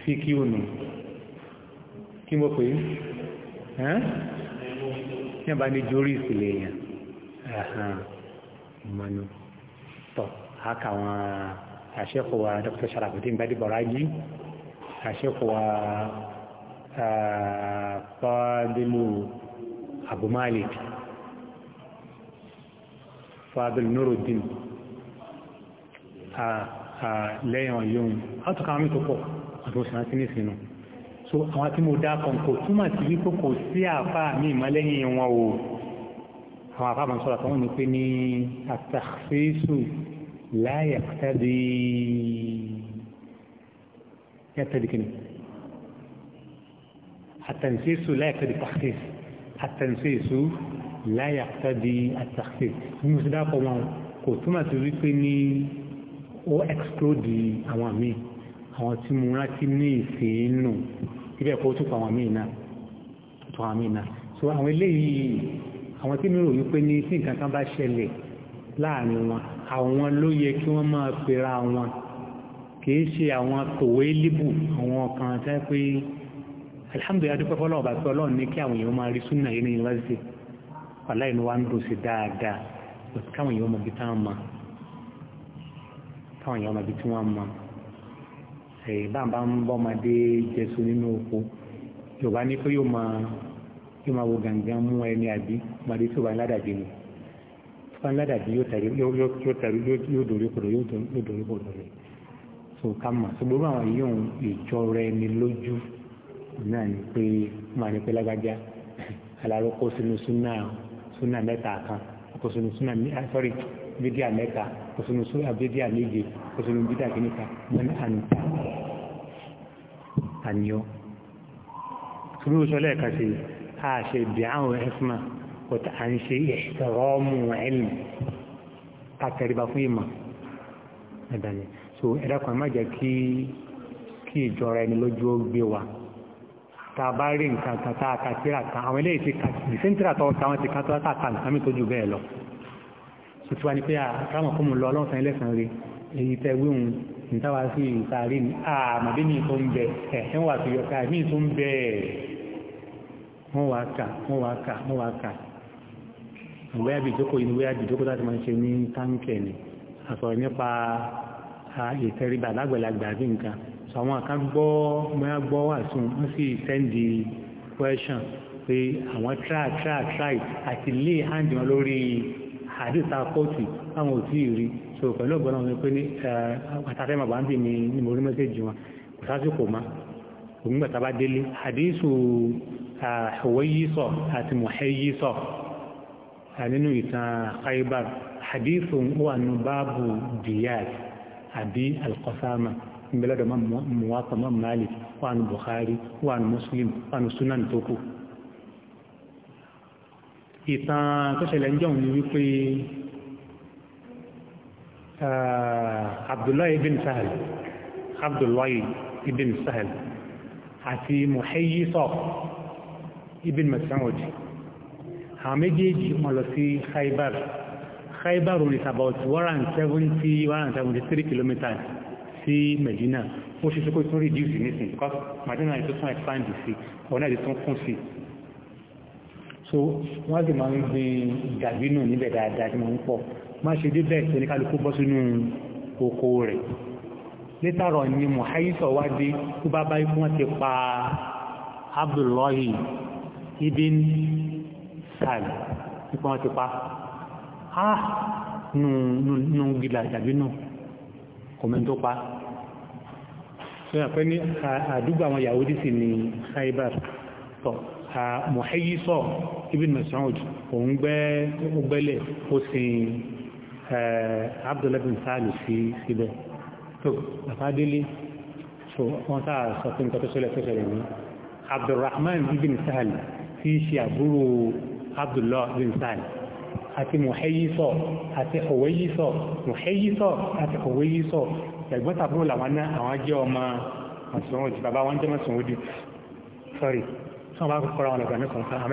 fíkíùnù kí mo pè é ní ọba ní jórí ìsìlẹ̀ èèyàn ìmọ̀nù tọ́ àkàwọn àṣẹ́kù wa Dr. Sharafudin Gbadibọ̀rájí àṣẹ́kù wa fadilu abu malik fadil nuruddin lẹ́yìn ọ̀yọ́un látọ̀ka àwọn ìtòpọ̀ àtòsìn àti ní ìsinú so àwọn tí mo dákan kò túmọ̀ sí wípé kò sí àfáà ní ìmọ́lẹ́yìn wọn o àwọn àfáà mọ̀ sọ́rọ̀ tọ́wọ́n ni pé ní àtàkfẹ́sù láyàkẹ́dì yàtẹ̀dìkìnì التنسيس لا يقتضي التخصيص التنسيس لا يقتضي التخصيص بالنسبة لكم كنتم تريدني ó exclude àwọn míì àwọn tí mo rántí ní ìfèénù ibẹ̀ kó tún pa àwọn míì náà tún àwọn míì náà so àwọn eléyìí àwọn tí mi rò wípé ní tí nǹkan kan bá ṣẹlẹ̀ láàrin wọn àwọn ló yẹ kí wọ́n máa pera wọn kì í ṣe alhamdulilayi adúpẹ́ fọlọ́wọ́ bá pé ọlọ́run ní kí àwọn èèyàn máa rí súnà yìí ní yunifásitì aláìní wa ń dùn sí dáadáa bàtí káwọn èèyàn máa bí táwọn máa káwọn èèyàn máa bí tí wọ́n máa ẹ̀yìn bá ń bá ń bọ́ máa dé jésù nínú oko yorùbá ní pé yóò máa yóò máa wo gàngán mú ẹni àbí máa dé tí ó bá ń ládàbí ni tó bá ń ládàbí yóò tẹ̀lé yóò dòrí kodò yóò dòrí kodò rẹ̀ so ká mà so gbogbo àwọn èèyàn ìjọ rẹ ni lójú náà ni pé máa ní pé lágbájá aláró kó sínú súnà súnà mẹ́ta kan kó sínú súnà sọ́rí ah, bídíà mẹ́ta kó sínú súnà bídíà méje kó sínú bídíà kìnnìkan wọ́n ní àǹtà àníọ́ torí ó sọ lẹ́ẹ̀kan sí a ṣe ìdíhàwọn ẹ̀fúnmá kòtà à ń ṣe ìṣẹ̀rọ́mù ẹ̀lì kàtẹ̀ríba fún ìmọ̀ ẹ̀dàní so ẹ̀dàkùn ẹ̀ má jẹ́ kí ìjọra ẹni lójú ó gbé wa tàbá rí nǹkan kan tá a kà síra kan àwọn eléyìí ti kà sí sẹ́ńtìrà tó táwọn ti kà tó tá a kà nǹkan mi tó ju bẹ́ẹ̀ lọ tuntun ah, wa ni pé ah, àkàràmọ̀ kó mu lọ ọlọ́sàn ẹlẹ́sàn rí èyí tẹ wíhun nítawà sí ìtàrí ní àmàbí ní tó ń bẹ ẹ̀hẹ́n wà tó yọ ká ẹ̀mí tó ń bẹ wọ́n wà ká wọ́n wà ká wọ́n wà ká ìwé àbìjókò ìwé àbìjókò láti máa ṣe ní táǹkẹ̀ ni àsọ̀rọ̀ nípa ah, ìtẹríba lágbàlagbà àbí nǹkan so àwọn kan gbọ́ mọ́yá gbọ́ wà sùn wọ́n sì sẹ́ndì question pé àwọn try try try àti lay hand wọn lórí àdìsá kóòtù táwọn ò tí ì rí so pẹ̀lú ọ̀gbọ́n náà pé ní eh, àtàtẹ́ màbá ń bì mí ni mo rí mẹ́sẹ̀jì wọn kò sásìkò má òun gbà tábà délé àdìsù àwọ̀yísọ̀ eh, àti mọ̀hẹ́yísọ̀ eh, nínú ìtàn Khaybar àdìsù wà nù báàbù diyad àbí alkọsáàmà mbẹ́lẹ́dọ̀ muwafa ma malik wa ni bukhari wa ni muslim wa ni sunan tókù ìtàn tó ṣẹlẹ̀ ń jọun ni wípé ah, abdullahi ibn sahel abdullahi ibn sahel àti muhayyisọ ibn mas'ud àwọn méjèèjì wọ́n sí khaibar khaibar ní about 170 173 kilometers sí Medina ó ṣe sókè tún reduce nísìn because Medina ni tó tún expand sí ọ̀nà ìdí tún kún sí so wọ́n sì máa ń gbin dàbínù níbẹ̀ dáadáa tí wọ́n ń pọ̀ má ṣe dé bẹ́ẹ̀ tó ní kálukú bọ́ sínú oko rẹ̀ létàrọ̀ ni mọ̀háyísọ̀ wá dé tó bá báyìí fún wọn ti pa Abdullahi ibn sàl nípa wọn ti pa á ah, nù gíga dàbínù kòmín tó pa tó yà pé ní àdúgbò àwọn Yahudi sì ní Khaybar tọ̀ Muhayyisa ibn Mas'ud òun gbẹ́lẹ̀ ó sin Abdullahi bin sáàlù sí síbẹ̀ tó àfádélé so wọ́n sáà sọ pé nǹkan tó ṣẹlẹ̀ tó ṣẹlẹ̀ ní Abdurrahman ibn sáàlù tí ṣe àbúrò Abdullahi sáàlù àti mọ̀hẹ́yísọ̀ àti ọ̀wẹ́yísọ̀ mọ̀hẹ́yísọ̀ àti ọ̀wẹ́yísọ̀ ẹ̀gbọ́n tàbúrò làwọn náà àwọn jẹ́ ọmọ mọ̀sùnwòdì bàbá wọn sorry tí wọ́n bá kọ́ra wọn lọ́gbà mẹ́sàn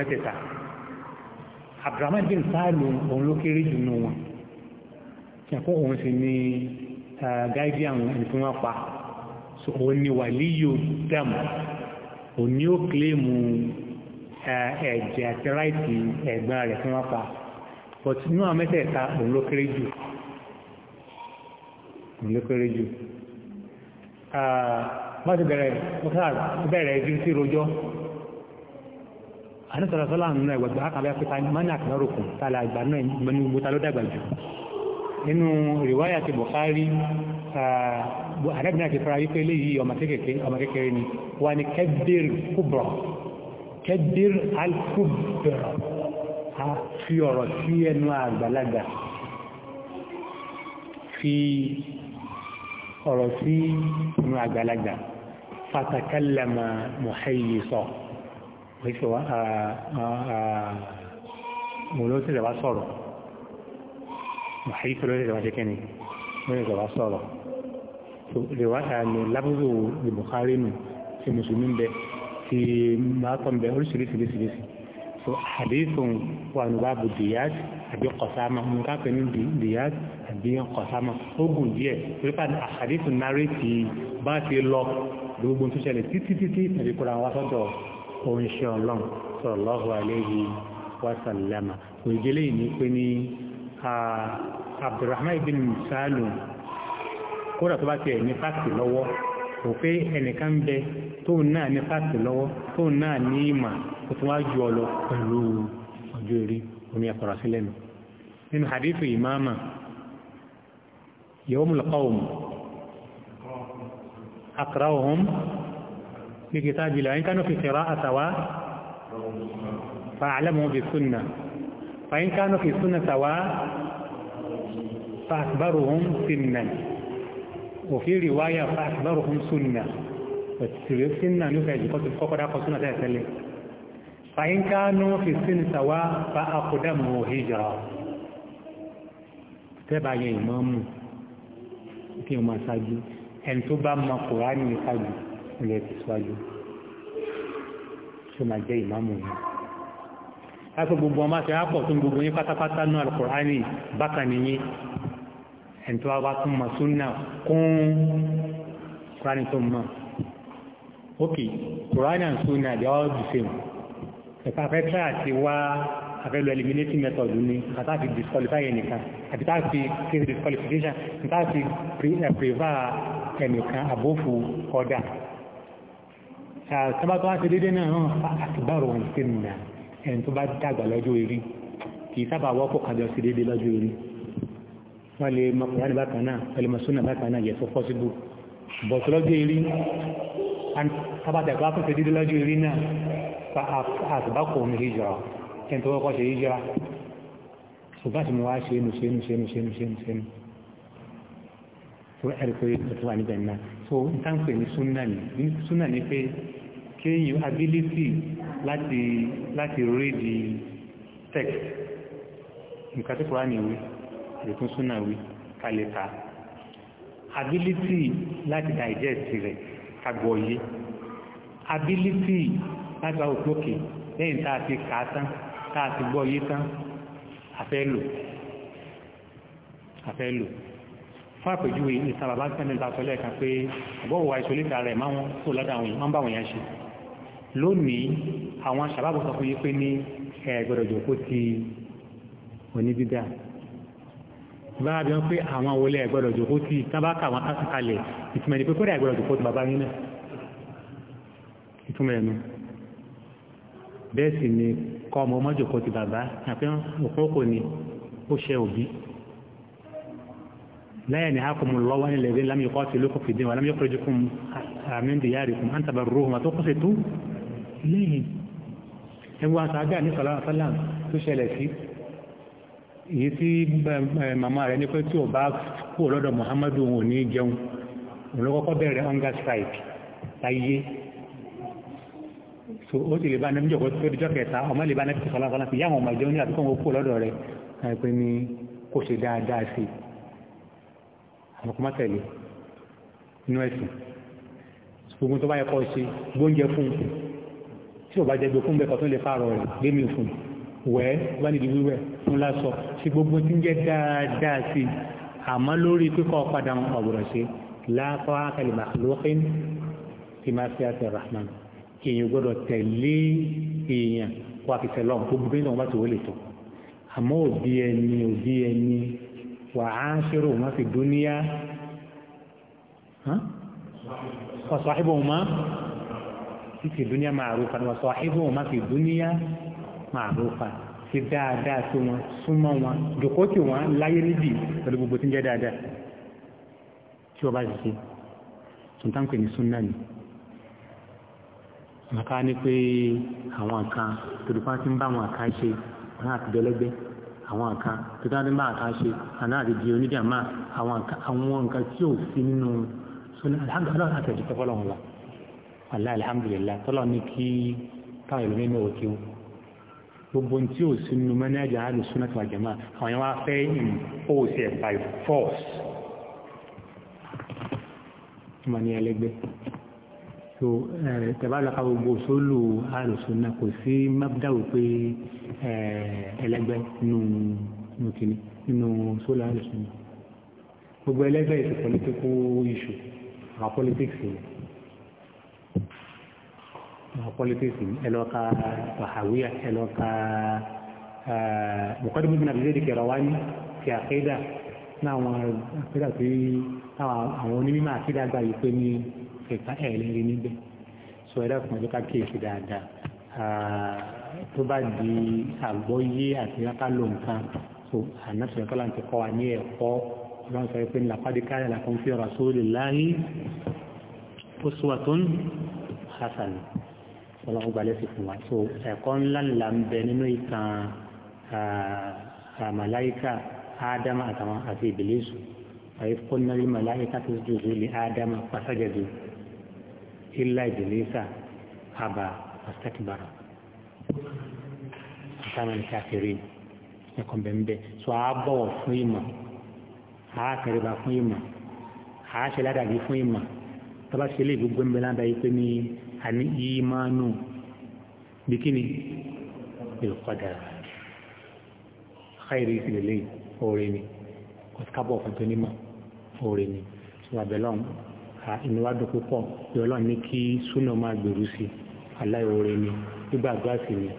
án bin sáàlù òun ló kéré jù nù wọn ni gáìdì àwọn ẹni tí wọ́n ni wàlíyò dàmù òun ni ó kílèmù ẹ̀jẹ̀ àti ráìtì ẹ̀gbọ́n rẹ̀ tí wọ́n pa but inú àwọn mẹ́tẹ̀ẹ̀ta òun ló kéré jù òun ló kéré jù bá ti bẹ̀rẹ̀ mọ́sáàrà bẹ̀rẹ̀ ibi sí rojọ́ àníṣọ́rọ̀ sọ́lá nínú ẹ̀wọ̀gbà àkàbẹ́ pípa mọ́nà àkàlọ́rùkùn tààlà àgbà náà mẹ́nu gbóta ló rìwáyà ti Bukhari àrẹ́bìnrin àti fara wípé léyìí ọmọ kékeré ni wà ní kẹ́bìr kúbọ̀rọ̀ kẹ́bìr alkúbọ̀rọ̀ a fi ọ̀rọ̀ sí ẹnu àgbàlagbà fi ọ̀rọ̀ sí ẹnu àgbàlagbà fatakallama muhayyisa wíṣọ́ olóòtìlẹ̀ wá sọ̀rọ̀ muhayyisa olóòtìlẹ̀ wá ṣe kẹ́ni olóòtìlẹ̀ wá sọ̀rọ̀ lábúrò ìbùkárí nù ti mùsùlùmí bẹ ti máa tọ́ bẹ oríṣiríṣiríṣiríṣi so hadithun wà ní báàbù diyad àbí kọ̀sámà mú káàpẹ̀ ní diyad àbí kọ̀sámà ogun díẹ̀ pípa hadithun nárétì bá ti lọ gbogbo tó ṣẹlẹ̀ títí títí àbí kúra wá sọ́dọ̀ oúnṣẹ́ ọlọ́run sallallahu alayhi wa sallama òjèlé yìí ní pé ní Abdurrahman ibn Salim kódà tó bá tiẹ̀ ní fásitì lọ́wọ́ kò pé ẹnìkan bẹ tóun náà ní fáàtì lọ́wọ́ tóun náà ní ìmà kò tún wá ju ọ lọ pẹ̀lú ọjọ́ eré omi ẹ̀kọ́ra sílẹ̀ mi nínú hadithu ìmáàmà yawmul qawm aqra'uhum bi kitabillah in kanu fi qira'ati sawa fa'lamu bi sunnah fa in fi sunnah وفي رواية فأخبرهم سنة والسنة نفعل قد الفقر أقل سنة ثلاثة فإن كانوا في السن سواء فأقدمه هجرة تبع يا إمام في يوم ساجي أن تبع ما قرآن يساجي ولا تسواجي ثم جاء إمامه أكو بوبو ما ثم بوبو يفتح فتح نوع القرآن ẹ̀ntọ́ wá tún mọ̀ súnà kún kúránì tó mọ̀ ok kúránì and súnà they all the same ẹ̀ka afẹ́tẹ́ àti wá afẹ́lú eliminating method ní àtàfi disqualify ẹnìkan àti tàfi case disqualification tàfi prevar ẹnìkan àbófù ọ̀dà sábà tó wá ṣe déédéé náà hàn àtibárò wọn sí nìyà ẹni tó bá dàgbà lọ́jọ́ orí kì í sábà wọ́pọ̀ kájọ sí déédéé lọ́jọ́ orí wọ́n lè mọ kùránì bákan náà wọ́n lè mọ súnà bákan náà yẹ tó pọ́síbù bọ̀tù lọ́jọ́ eré kábàtàkọ́ afẹ́fẹ́ dídí lọ́jọ́ eré náà fa àtìbákò omi hijira kí n tó kọ́kọ́ ṣe hijira ṣùgbọ́n tí mo wá ṣe nu ṣe nu ṣe nu ṣe nu ṣe nu ṣe nu tó ẹ̀rì pé tó wà níbẹ̀ náà so n tá ń pè ní súnà ní súnà ní pé kéyìn ability láti láti read the text nǹkan tó kọ́ra nìwé ìtún súnà wí kálíta ability láti digest rẹ̀ kagbọ̀yé ability láti wá òkúkè lẹ́yìn tá a ti kà á tán tá a ti gbọ́ yé tán àfẹ́lò àfẹ́lò fún àpèjúwe ìsàn bàbá sẹ́mẹ́ta sọlẹ̀ kan pé àbọ̀wò àìsòlítà rẹ̀ máa ń kó lọ́dà àwọn èèyàn máa ń bá àwọn èèyàn ṣe lónìí àwọn sàbábọ̀ sọ fún yí pé ní ẹ̀ẹ́gbọ́dọ̀ jòkó ti oníbídà bá bí wọ́n pé àwọn olè ẹgbọ́dọ̀ jòkó tí tábákà àwọn kásìkalẹ̀ ìtumẹ̀ ni pé kó rẹ̀ ẹgbọ́dọ̀ jòkó tí bàbá yínà ìtumẹ̀ ẹnu bẹ́ẹ̀ sì ni kọ́ ọmọ ọmọ jòkó tí bàbá àpẹ́ òkókò ni ó ṣe òbí láyẹ̀ ni hákùnmù lọ́wọ́ nílẹ̀ ẹ̀dẹ́ lámì ti lókùn fìdí wà lámì kọ́jú fún àmìndìyàrí fún àǹtàbà rúhùn àtọ́kùsẹ̀ tó lẹ́yìn ẹwọ́n àtàgà ní sọ̀lá àtàlà tó ṣẹlẹ̀ sí èyí tí màmá rẹ̀ ní pé tí ò bá kú lọ́dọ̀ Muhammadu òun ò ní jẹun òun bẹ̀rẹ̀ hunger strike láyé so ó sì lè bá ní ìjọkọ̀ tó dijọ́ kẹta ọmọ lè bá ní ìfọ̀lá fọlá fi yáwọn ọmọ ìjẹun ní àdúgbò wọn kú lọ́dọ̀ rẹ̀ pé ní kò ṣe dáadáa sí àwọn kò má tẹ̀lé inú ẹ̀sìn gbogbo tó bá yẹ kọ́ ṣe gbóúnjẹ fún tí ò bá jẹ wẹ́ wá nídìí wíwẹ̀ fún lásọ ṣe gbogbo tí ń jẹ́ dáadáa sí àmọ́ lórí kíkọ́ padà wọn ọ̀gbọ̀rọ̀ ṣe láàpá akẹ́lẹ̀ màkìlókín tí máa fi àti rahman èèyàn gbọ́dọ̀ tẹ̀lé èèyàn wà fi tẹ̀lọ́ gbogbo ní ọ̀gbà tó wọlé tó àmọ́ òbí ẹni òbí ẹni wà á ṣerò wọn fi dúníyà ọ̀sọ̀ àìbọ̀ wọn fi dúníyà máa rú kan ọ̀sọ̀ àìbọ̀ wọn fi dúníyà màrúfà ṣe dáadáa sí wọn súnmọ́ wọn jòkó tí wọn láyé nídìí pẹ̀lú gbogbo tí ń jẹ́ dáadáa tí wọ́n bá ṣe ṣe tuntun pè ní súnà ni nǹkan ni pé àwọn kan tòdùpá ti ń bá àwọn kan ṣe àwọn àtijọ́lẹ́gbẹ́ àwọn kan tòdùpá ti ń bá àwọn kan ṣe àná àti di onídàmá àwọn nǹkan tí ò sí nínú súnà alhamdulilayi àtẹ̀jù tọ́fọ́lọ́wọ́n wa aláàlhamdulilayi tọ́lọ́ ní kí táwọn ìlú nínú òkè wọn gbogbo tí ò sí nínú mẹ́nẹ́jà alùsúnà tó àjẹmá àwọn yẹn wá fẹ́ impose it by force ma ní ẹlẹ́gbẹ́ so tẹ̀bálọ́ka gbogbo sólù alùsúnà kò sí mabdáwò pé ẹlẹ́gbẹ́ nínú kìíní nínú sólù alùsúnà gbogbo ẹlẹ́gbẹ́ is a political politics politics ẹnọ ka wahawiya ẹnọ ka mọ̀kọ́dé bíbí nàbí zéèdì kẹrọ wáyé ti àkéda náà àwọn àkéda tó yí àwọn onímọ̀ àkéda gbà yìí pé ní ẹ̀ka ẹ̀ẹ́lẹ́rìí níbẹ̀ sọ ẹ̀dá fún ọjọ́ ká kéèké dáadáa ah, tó bá di àgbọ́yé àti lákàlò nǹkan tó ànáṣẹ́ kọ́lá ti kọ́ wa ní ẹ̀kọ́ ọlọ́run sọ pé làpàdé káyà làkún fi rasulillahi uswatun hasanah ọlọ́run gbalẹ̀ sí fún wa so ẹ̀kọ́ ńlá ńlá ń bẹ nínú ìtàn màláìka ádámà àtàwọn àti ìbílẹ̀sù àyè fúnnárì màláìka tó dùdú lé ádámà pàṣẹjẹdù ilá ìbílẹ̀sà àbà pàṣẹkìbàrà àtàwọn ní káfíìrì ẹ̀kọ́ bẹ́ẹ̀ so a bọ̀wọ̀ fún ìmọ̀ a kẹrìbà fún ìmọ̀ a ṣe ládàbí fún ìmọ̀ tọ́ba ṣe lè gbogbo ń bẹ lábẹ́ yìí pé ní al-imanu bikini bil-qadar khairi ìsìlélé oore ni kọ́síkábọ̀ fún tó nímọ̀ oore ni ṣùgbọ́n abẹ́lọ́n ìníwádùn púpọ̀ ìrọ̀lọ́n ní kí súnà máa gbèrú sí aláìoore ni gbígbàgbọ́ àsì ni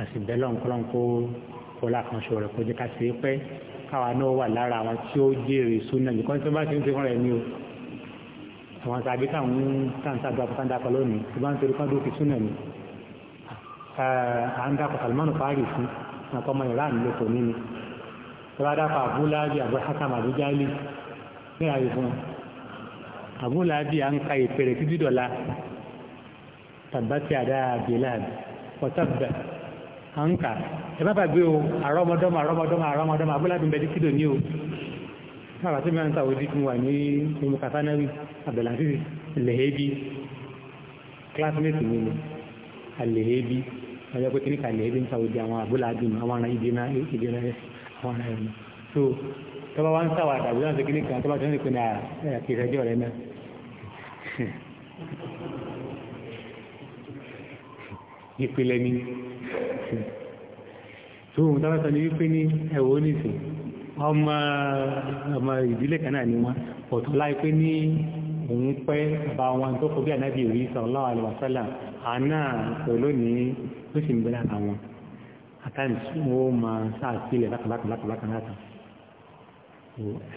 àsìbẹ́lọ́n kọ́lọ́n kó kọ́lá kan ṣòro rẹ̀ kó jẹ́ ká ṣe é pẹ́ káwa náà wà lára àwọn tí ó jèrè súnà nìkan tí ti ń fi fún rẹ̀ ní o àwọn tàbí táwọn tàǹtàgbà tàǹdàpọ̀ lónìí tí bá ń torí kan dókè súnà ni à ń dàpọ̀ Salmanu fàárì fún àpọ̀ ọmọ ìran ló ní ni tí wọ́n dàpọ̀ abúláàbí àbúrò hakam àbújálì ní ààyè fún abúláàbí à ń ka ìpèrè títí dọ̀la tàbátì àdá àbíláàbí pọ̀tàbà à ń kà ẹ má bàgbé o àrọ́mọdọ́mọ àrọ́mọdọ́mọ àrọ́mọdọ́mọ abúláàbí ń bẹ sábà tí mẹ́rin tàwọn ojú wà ní ọmọ kàtánẹ́rì abdulaziz lehebi classmate mi ni alehebi ọjọ́ pé kíníkà lehebi ń sàwọ́dí àwọn àbúlàdì àwọn ará ìdènà ìdènà àwọn ará ẹ̀mọ́ so tọ́ba wá ń sàwọ́ àdàbí láti kíníkà tọ́ba tí wọ́n ti pè ní àkìsẹ́jọ́ rẹ̀ náà ìpìlẹ̀ ni tó ohun ọmọ ọmọ ìdílé kan náà ni wọn ọ̀tọ̀ láìpẹ́ ní òun pẹ́ bá wọn tó kó bí ànábì rí sallallahu alaihi wasallam àná pẹ̀lú ní ó sì ń bẹ̀rẹ̀ àwọn àtàǹtì ó máa sáàsílẹ̀ lákàlákàlákàlákàlákà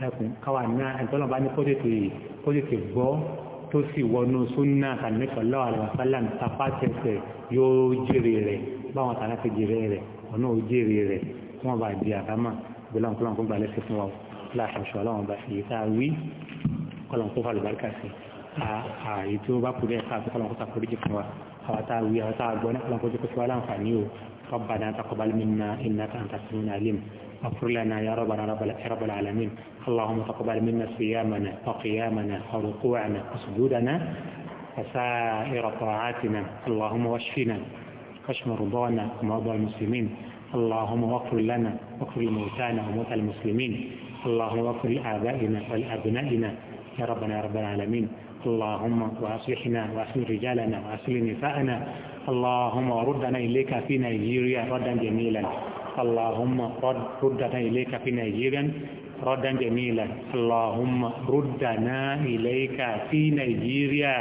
ẹ̀kùn káwà náà ẹ̀tọ́nà bá ní pọ́jẹ̀tì gbọ́ tó sì wọnú súnà tàbí sallallahu alaihi tapá tẹ̀sẹ̀ yóò jèrè rẹ̀ báwọn tàbí gbọ́dọ̀ kọ́lọ́n kó gbà lẹ́sẹ̀ fún wa láàṣàṣọ ọlọ́run bá èyí tá a wí kọ́lọ́n kó fàlùbá ká sí ààyè tó bá kú bẹ́ẹ̀ káàkiri kọ́lọ́n kó sàkóríjì fún wa àwọn tá a wí àwọn tá a gbọ́ náà kọ́lọ́n kó jẹ́ kó sí wa láǹfààní o ربنا تقبل منا إنك أنت السميع العليم اغفر لنا يا ربنا رب العالمين اللهم تقبل منا صيامنا وقيامنا وركوعنا وسجودنا وسائر طاعاتنا اللهم واشفنا واشف مرضانا ومرضى المسلمين اللهم اغفر لنا واغفر لموتانا وموتى المسلمين اللهم اغفر لآبائنا ولأبنائنا يا ربنا يا رب العالمين اللهم وأصلحنا وأصلح رجالنا وأصلح نساءنا اللهم وردنا إليك في نيجيريا ردا جميلا اللهم رد ردنا إليك في نيجيريا ردا جميلا اللهم ردنا إليك في نيجيريا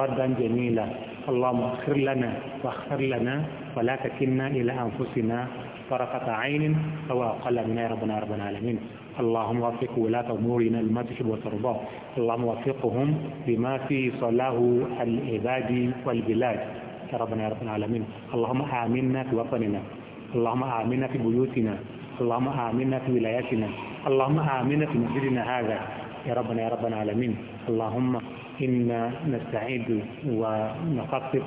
ردا جميلا اللهم اغفر لنا واغفر لنا ولا تكلنا إلى أنفسنا طرفة عين أو أقل من يا ربنا رب العالمين اللهم وفق ولاة أمورنا لما تحب وترضى اللهم وفقهم بما في صلاح العباد والبلاد يا ربنا يا رب العالمين اللهم آمنا في وطننا اللهم آمنا في بيوتنا اللهم آمنا في ولاياتنا اللهم آمنا في مسجدنا هذا يا ربنا يا رب العالمين اللهم إنا نستعد ونخطط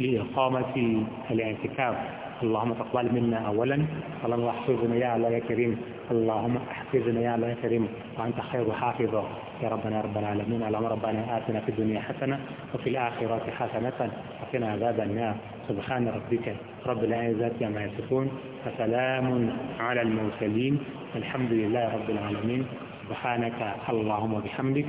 لإقامة الاعتكاف اللهم تقبل منا أولا اللهم احفظنا يا الله يا كريم اللهم احفظنا يا الله يا كريم وأنت خير حافظة يا ربنا يا رب العالمين اللهم ربنا آتنا في الدنيا حسنة وفي الآخرة حسنة وقنا عذاب النار سبحان ربك رب العزة عما يصفون فسلام على المرسلين الحمد لله رب العالمين سبحانك اللهم وبحمدك